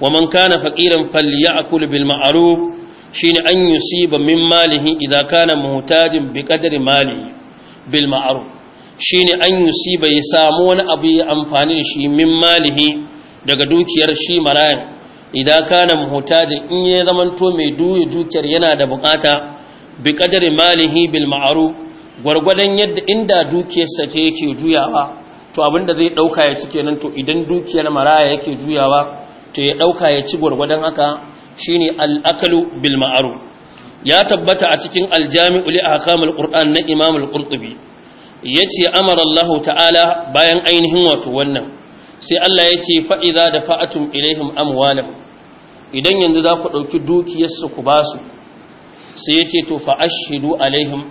wa man kana faqiran falyakul bil ma'ruf shine an yusiba min malihi idza kana muhtajin bi qadri malihi bil ma'ruf shine an yusiba ya samu wani abu ya amfani da shi min malihi daga dukiyar shi marayan idan kana muhtajin in ya zamanto mai duye dukiyar yana da buƙata. bi kadari malihi bil ma'ruf gwargwadon yadda inda dukiyarsa ce yake juyawa to abinda zai dauka ya ci kenan to idan dukiyar maraya yake juyawa to ya dauka ya ci gwargwadon haka shine al-akalu bil ma'ruf ya tabbata a cikin al-jami'u li ahkamil qur'an na imam al-qurtubi yace amara Allah ta'ala bayan ainihin wato wannan sai Allah yace fa idza dafa'atum ilaihim amwalahum idan yanzu za ku dauki dukiyarsu ku basu sai ya ce to fa ashidu alaihim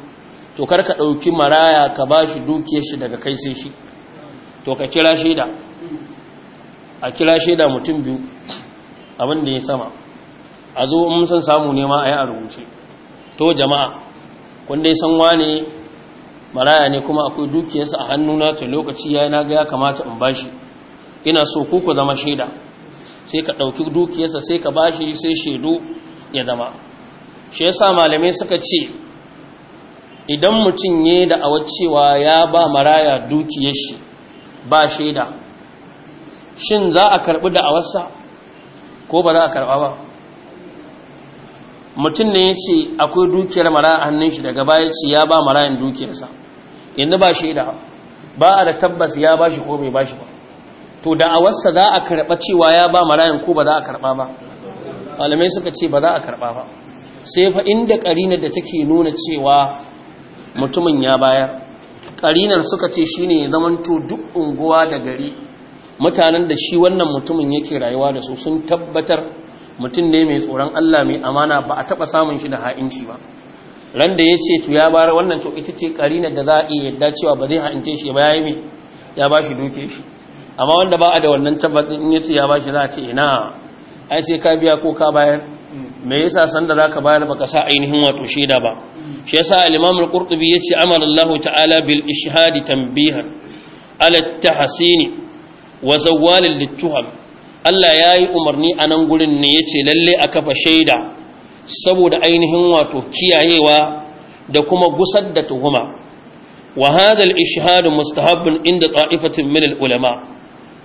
to kar ka ɗauki maraya ka ba shi dukiyar shi daga kai sai shi to ka kira shaida a kira shaida mutum biyu abin da ya sama a zo in san samu nema a yi a rubuce to jama'a kun dai san wane maraya ne kuma akwai dukiyarsa a hannuna to lokaci ya na ga ya kamata in bashi ina so ku ku zama shaida sai ka ɗauki dukiyarsa sai ka bashi sai shaidu ya zama shi yasa malamai suka ce idan mutum ya da a cewa ya ba maraya dukiyar shi ba shaida shin za a karbi da awarsa ko ba za a karba ba mutum ne ya ce akwai dukiyar maraya a hannun shi daga baya ce ya ba marayan dukiyarsa yadda ba shaida ba a da tabbas ya ba shi ko bai ba shi ba to da awarsa za a karba cewa ya ba marayan ko ba za a karba ba malamai suka ce ba za a karba ba sai fa inda karinar da take nuna cewa mutumin ya bayar karinar suka ce shine zamanto duk unguwa da gari mutanen da shi wannan mutumin yake rayuwa da su sun tabbatar mutum ne mai tsoron Allah mai amana ba a taɓa samun shi da ha'inci ba ran da ya ce ya bar wannan to ita ce ƙarinar da za a iya yadda cewa ba zai ha'ince shi ba ya yi ya ba shi shi amma wanda ba a da wannan tabbatin in ya ce ya ba za a ce ina ai sai ka biya ko ka bayar me yasa sanda za zaka bayar baka sa ainihin wato shaida ba shi yasa al-Imam al-Qurtubi yace amara Allah ta'ala bil ishhadi tanbihan ala tahsin wa zawal lituham Allah yayi umarni a nan gurin ne yace lalle a kafa shaida saboda ainihin wato kiyayewa da kuma gusar da tuhuma wa hadha al-ishhad mustahabbun inda ta'ifatin min al-ulama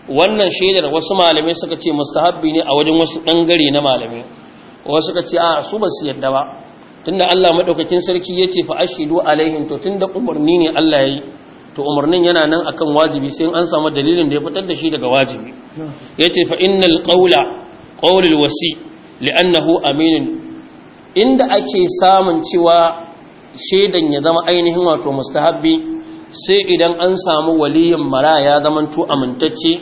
wannan shaidar wasu malamai suka ce mustahabbi ne a wajen wasu dangare na malamai wasu suka ce a su ba su yadda ba tunda Allah madaukakin sarki yace fa ashidu alaihim to tunda umarni ne Allah yayi to umarnin yana nan akan wajibi sai an samu dalilin da ya fitar da shi daga wajibi yace fa innal qawla qawlul wasi li'annahu aminin. inda ake samun cewa shaidan ya zama ainihin wato mustahabbi sai idan an samu waliyin mara ya to amintacce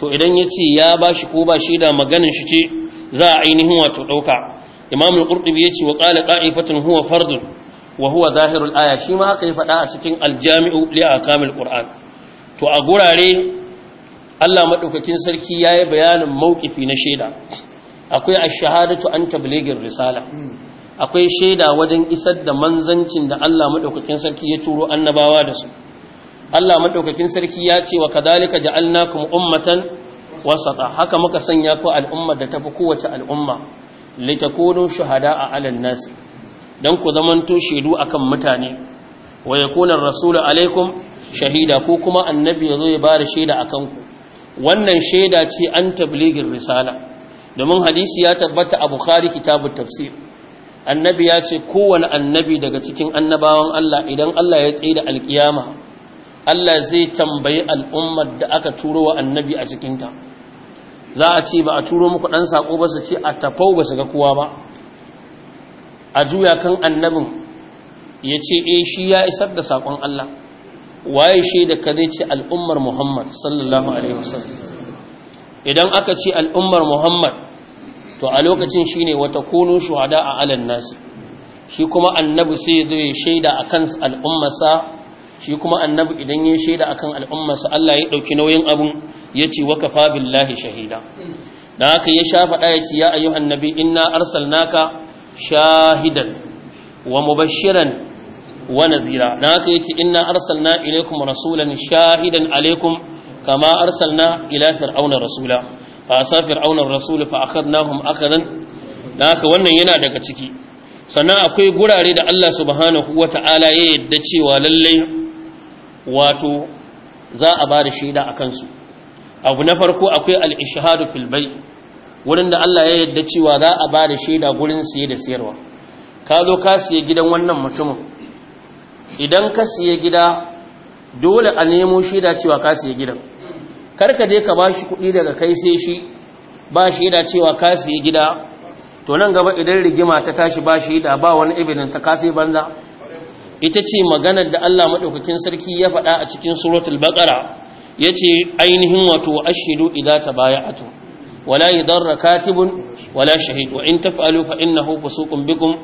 to idan yace ya bashi ko ba shaida da maganin shi ce za a ainihin wato ɗauka imamul al ya ce wa qala qa'ifatun huwa fardun wa huwa zahirul aya shi ma haka ya faɗa a cikin aljami'u jamiu a akamil ƙur'an. to a gurare Allah maɗaukakin sarki yayi bayanin mawqifi na shaida akwai a shahadatu an tabligir risala akwai shaida wajen isar da manzancin da Allah maɗaukakin sarki ya turo annabawa da su Allah maɗaukakin sarki ya ce wa kadhalika ja'alnakum ummatan wasata haka muka sanya ku al'umma da tafi kowace al'umma litakunu a 'alan nas dan ku zamanto shaidu akan mutane wa yakuna rasulu alaikum shahida ko kuma annabi yazo ya bada shaida akan ku wannan shaida ce an tabligin risala domin hadisi ya tabbata a bukhari kitabut tafsir annabi ya ce kowane annabi daga cikin annabawan Allah idan Allah ya tsaye da alkiyama Allah zai tambayi al'ummar da aka turo wa annabi a cikinta za a ce ba a turo muku ɗan sako ba su ce a tafau ba su ga kowa ba a juya kan annabin ya ce e shi ya isar da sakon Allah waye shi da ka zai ce al'ummar Muhammad sallallahu Alaihi wasallam idan aka ce al'ummar Muhammad to a lokacin shi ne wata kono shuhada a alan nasi shi kuma annabi sai zai shaida a kan al'ummarsa shi kuma annabi idan ya shaida a kan al'ummarsa Allah ya ɗauki nauyin abin ya ce, wa kafa billahi shahida dan haka ya sha faɗa yace ya ayyuhan nabi inna arsalnaka shahidan wa mubashiran wa nadhira dan haka yace inna na, ilaikum rasulan shahidan alaikum kama na, ila fir'auna rasula fa asa fir'auna rasul fa akhadnahum akhadan dan haka wannan yana daga ciki sannan akwai gurare da Allah subhanahu Ta'ala ya yadda cewa lallai wato za a ba da shaida a kansu abu na farko akwai al'ishahadu filbai wurin da Allah ya yadda cewa za a ba da shaida gurin siye da siyarwa ka zo ka siye gidan wannan mutumin idan ka siye gida dole a nemo shaida cewa ka siye gidan karka je ka ba shi kuɗi daga kai sai shi ba shaida cewa ka siye gida to nan gaba idan rigima ta tashi ba shaida ba wani ibinin ta kasai banza ita ce maganar da Allah Maɗaukakin sarki ya faɗa a cikin suratul baqara yace ainihin wato ashidu idza tabaya'atu wala yadarra katibun wala shahid wa in taf'alu fa innahu fusuqun bikum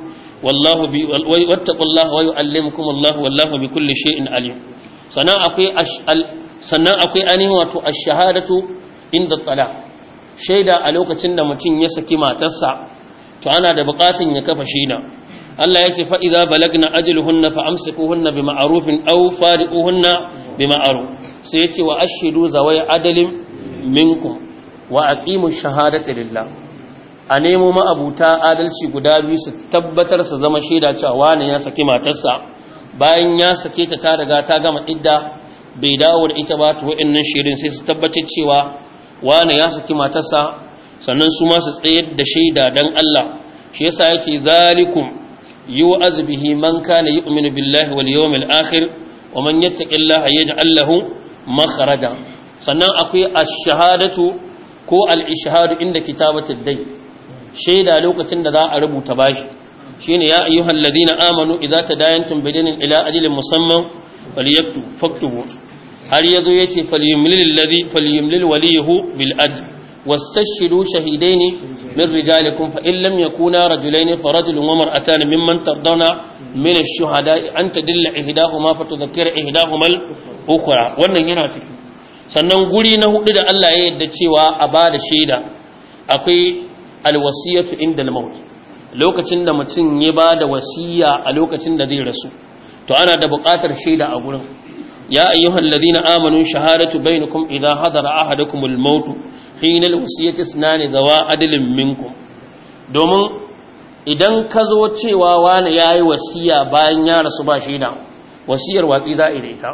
wallahu bi wattaqullaha wa yu'allimukum Allah wallahu bi kulli shay'in alim sannan akwai sannan akwai ainihin wato ash-shahadatu inda talaq shaida a lokacin da mutum ya saki matarsa to ana da bukatun ya kafa shi na. Allah ya ce fa'iza balagna ajiluhunna fa amsikuhunna bi ma'arufin au fari'uhunna bi ma'aru. sai ya ce wa ashidu zawai adalin Minku. wa aqimu shahadata lillah a nemo ma'abuta adalci guda biyu su tabbatar su zama shaida cewa wani ya saki matarsa bayan ya sake ta ta riga ta gama idda bai dawo da ita ba ta wa'annan shirin sai su tabbatar cewa wani ya saki matarsa sannan su ma su tsayar da shaida dan Allah shi yasa yake zalikum yu'az bihi na yi yu'minu billahi wal yawmil akhir wa man yattaqillaha yaj'al lahu sannan akwai ash-shahadatu ko al-ishhadu inda kitabatud dai shaida lokacin da za a rubuta bashi shine ya ayyuhal ladina amanu idza tadayantum bidinin ila ajalin musamman falyaktubu faktubu har yazo yace falyumlil ladhi falyumlil waliyuhu bil adl واستشهدوا شهيدين من رجالكم فإن لم يكونا رجلين فرجل ومرأتان ممن ترضون من الشهداء أن تدل إهداهما فتذكر إهداهما الأخرى wannan yana sannan guri na hudu da Allah ya yadda cewa a ba da shaida akwai alwasiyatu inda maut lokacin da mutum ya ba da wasiya a lokacin da zai rasu to ana da buƙatar shaida a gurin ya ayyuhan ladina amanu shahadatu bainakum idha hadara ahadakumul mautu hina wasiyati sunani zawa adalin minkum domin idan ka zo cewa wani yayi wasiya bayan ya rasu ba shi da wasiyar watsi za a ita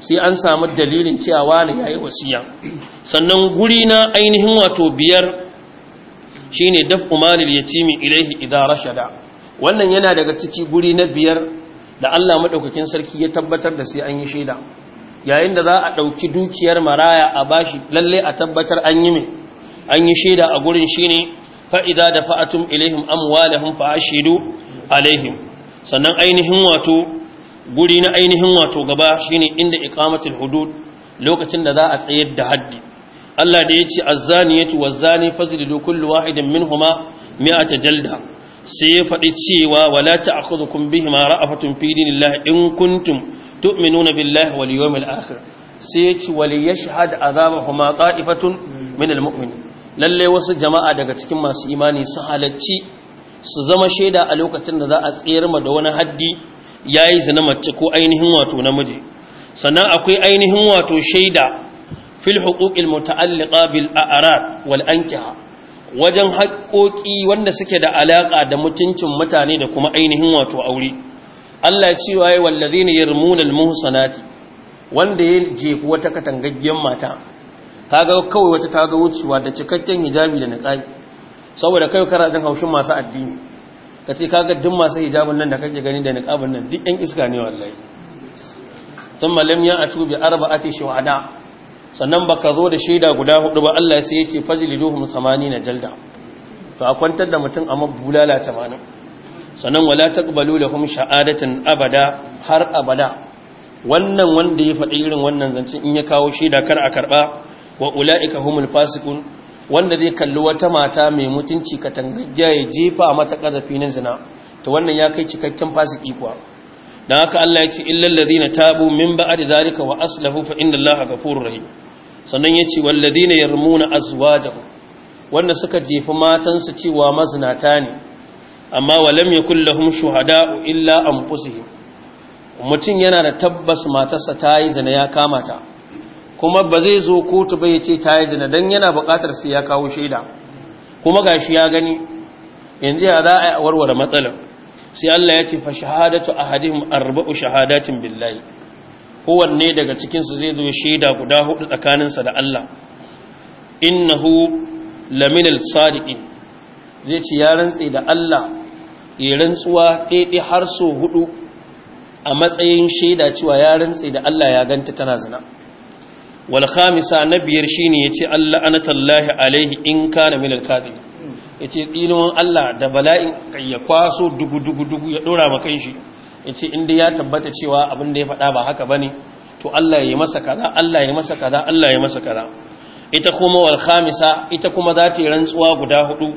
sai an samu dalilin cewa wani yayi wasiya sannan guri na ainihin wato biyar shine daf ci yatimi ilaihi idan rashada wannan yana daga ciki guri na biyar da Allah madaukakin sarki ya tabbatar da sai an yi shaida yayin da za a ɗauki dukiyar maraya a bashi lalle a tabbatar an yi an yi shaida a gurin ne. fa'ida da fa'atum ilaihim amwalahum fa ashidu alaihim sannan ainihin wato guri na ainihin wato gaba shine inda ikamatul hudud lokacin da za a tsayar da haddi Allah da ya ce azzani ya ci wazzani fazlidu kullu wahidin minhuma mi'ata jalda sai ya faɗi cewa wala bihi bihima ra'afatun fi dinillahi in kuntum tu'minuna billahi wal yawmil akhir sai ya ci wal yashhad azabahuma qa'ifatun min al mu'minin lalle wasu jama'a daga cikin masu imani su halacci su zama shaida a lokacin da za a tsayar ma da wani haddi yayi zina mace ko ainihin wato namiji sannan akwai ainihin wato shaida fil huquqil muta'alliqa bil a'rad wal ankiha wajen haƙoƙi wanda suke da alaƙa da mutuncin mutane da kuma ainihin wato aure Allah cewa ya wallazi ne yarmuna almuhsanati wanda ya jefu wata katangaggen mata kaga kawai wata ta ga wucewa da cikakken hijabi da niqabi saboda kai karatun haushin masu addini kace kaga duk masu hijabin nan da kake gani da niqabin nan duk ɗan iska ne wallahi thumma lam ya'tu bi arba'ati shuhada sannan baka zo da shaida guda hudu ba Allah ya sai yace samani na jalda to a kwantar da mutum a mabbulala 80 sannan wala taqbalu lahum sha'adatan abada har abada wannan wanda ya faɗi irin wannan zancen in ya kawo shaida kar a karba wa ulaika humul fasiqun wanda zai kalli wata mata mai mutunci katangajja ya jefa mata kazafi na zina to wannan ya kai cikakken fasiki kuwa dan haka Allah ya ce illal ladina tabu min ba'di zalika wa aslahu fa inna Allaha ghafurur rahim sannan ya ce walladina yarmuna azwajahum wanda suka jefi matansu cewa mazinata ne amma walam yakul lahum shuhada'u illa anfusihim mutum yana da tabbas matarsa ta yi zina ya kamata kuma ba zai zo kotu ba ya ce ta yi zina dan yana buƙatar sai ya kawo shaida kuma gashi ya gani yanzu ya za a yi warware matsalar sai Allah ya ce fa shahadatu ahadihim arba'u shahadatin billahi kowanne daga cikin su zai zo shaida guda hudu tsakaninsa da Allah innahu laminal sadiqin zai ce ya rantse da Allah rantsuwa ɗaiɗi har so hudu a matsayin shaida cewa ya rantse da Allah ya ganta tana zina wal khamisa na biyar shine yace Allah tallahi alaihi in kana minal Ya yace dinin Allah da bala'in ya kwaso dugu dugu dugu ya dora maka shi yace inda ya tabbata cewa abin da ya faɗa ba haka ba ne. to Allah ya masa kaza Allah ya masa kaza Allah ya masa kaza ita kuma wal khamisa ita kuma za ta yi rantsuwa guda hudu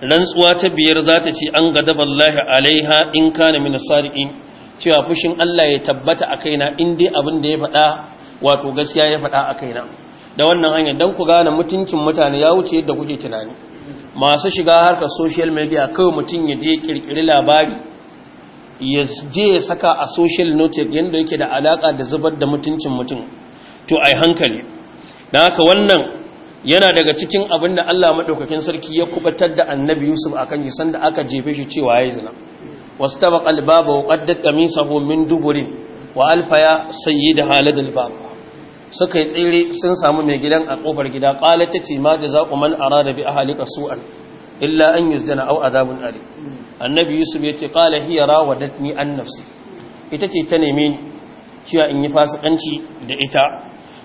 rantsuwa ta biyar za ta ce an gadaba ballahi alaiha in kana min cewa fushin Allah ya tabbata a kaina in abin da ya faɗa wato gaskiya ya faɗa a kaina da wannan hanyar don ku gane mutuncin mutane ya wuce yadda kuke tunani masu shiga harkar social media kawai mutum ya je kirkiri labari ya je ya saka a social note yadda yake da alaka da zubar da mutuncin mutum to ai hankali don haka wannan yana daga cikin abin da Allah maɗaukakin sarki ya kubatar da annabi Yusuf a kan jisan da aka jefe shi cewa ya yi zina wasu taba kalbaba wa ƙaddar ƙamisahu min duburin wa alfaya sayi da haladul bab suka yi tsere sun samu mai gidan a ƙofar gida ƙala ta ce ma jaza man arada bi ahalika su'an illa an yusjana aw azabun ali annabi yusuf ya ce ƙala hiya ni an nafsi ita ce ta neme ni cewa in yi fasikanci da ita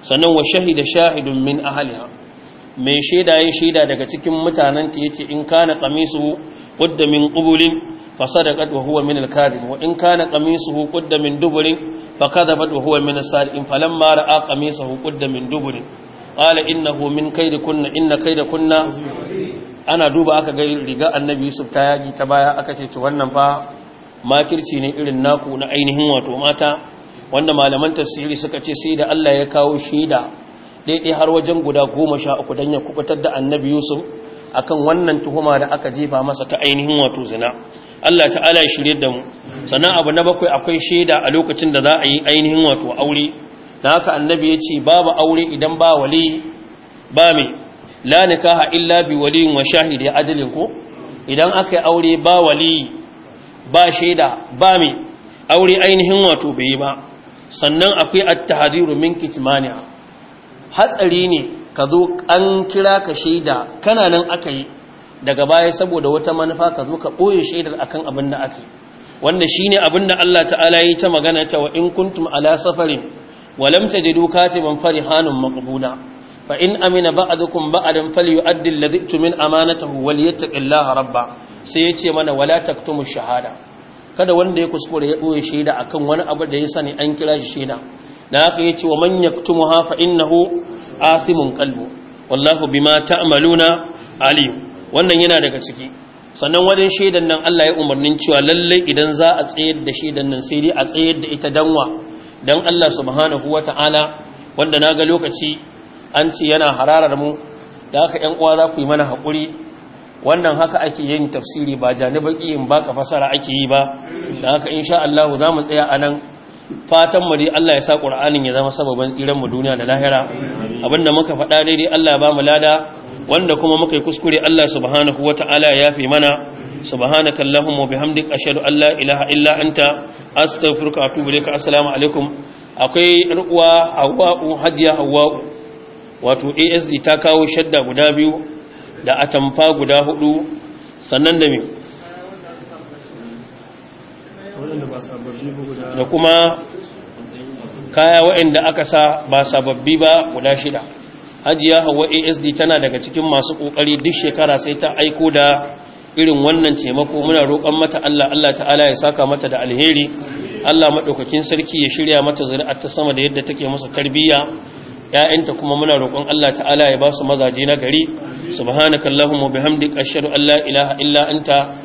sannan wa shahida shahidun min ahliha mai shaida ya shaida daga cikin mutanen ta yace in kana qamisu qudda min qubulin sadaqat wa huwa min al-kadhib wa in kana qamisuhu qudda min dubulin kadhabat wa huwa min as-sadiqin falamma ra'a qamisuhu qudda min dubulin qala innahu min kaydikunna inna kaydakunna ana duba aka ga riga annabi yusuf ta yaji ta baya aka ce to wannan fa makirci ne irin naku na ainihin wato mata wanda malaman tafsiri suka ce sai da Allah ya kawo shaida daidai har wajen guda goma sha uku don ya kubutar da annabi yusuf akan wannan tuhuma da aka jefa masa ta ainihin wato zina Allah ta'ala ya shirye da mu sannan abu na bakwai akwai shaida a lokacin da za a yi ainihin wato aure da haka annabi ya ce babu aure idan ba wali ba mai la nikaha illa bi waliyin wa shahidi adalin ko idan aka yi aure ba wali ba shaida ba mai aure ainihin wato bai yi ba sannan akwai at-tahdhiru min kitmaniha hatsari ne ka zo an kira ka shaida kana nan aka yi daga baya saboda wata manufa ka zo ka ɓoye shaidar akan abin da aka yi wanda shine abin da Allah ta'ala yi ta magana ta wa in kuntum ala safarin wa lam ban katiban hannun maqbuna fa in amina ba'dukum ba'dan falyu'addi amanata tumin amanatahu wal yattaqillaha rabba sai yace mana wala taktumu shahada kada wanda ya kuskure ya ɓoye shaida akan wani abu da ya sani an kira shi shaida da haka ce wa man yaktumuha fa innahu asimun qalbu wallahu bima ta'maluna alim wannan yana daga ciki sannan wajen shaidan nan Allah ya umarnin cewa lalle idan za a tsayar da shaidan nan sai dai a tsayar da ita danwa dan Allah subhanahu wata'ala wanda naga lokaci an ce yana hararar mu da haka ƴan uwa za ku yi mana hakuri. wannan haka ake yin tafsiri ba janibin yin baka fasara ake yi ba da haka insha Allah za mu tsaya anan fatan mu dai Allah ya sa Qur'anin ya zama sababan tsiran mu duniya da lahira abinda muka faɗa daidai Allah ya ba mu lada wanda kuma muka yi kuskure Allah subhanahu wata'ala ya yafe mana subhanaka allahumma bihamdik ashhadu an la ilaha illa anta astaghfiruka wa atubu assalamu alaikum akwai ruwa hawa'u hajiya hawa'u wato ASD ta kawo shadda guda biyu da atamfa guda hudu sannan da me da kuma kaya waɗanda aka sa ba sababbi ba guda shida hajiya hawa asd tana daga cikin masu ƙoƙari duk shekara sai ta aiko da irin wannan taimako muna roƙon mata Allah Allah ta'ala ya saka mata da alheri Allah maɗaukakin sarki ya shirya mata zuri'ar ta sama da yadda take musu tarbiyya ‘ya'yanta kuma muna roƙon Allah ta'ala ya ba su mazaje na gari, subhanakallahumma bihamdik ashhadu an la ilaha illa anta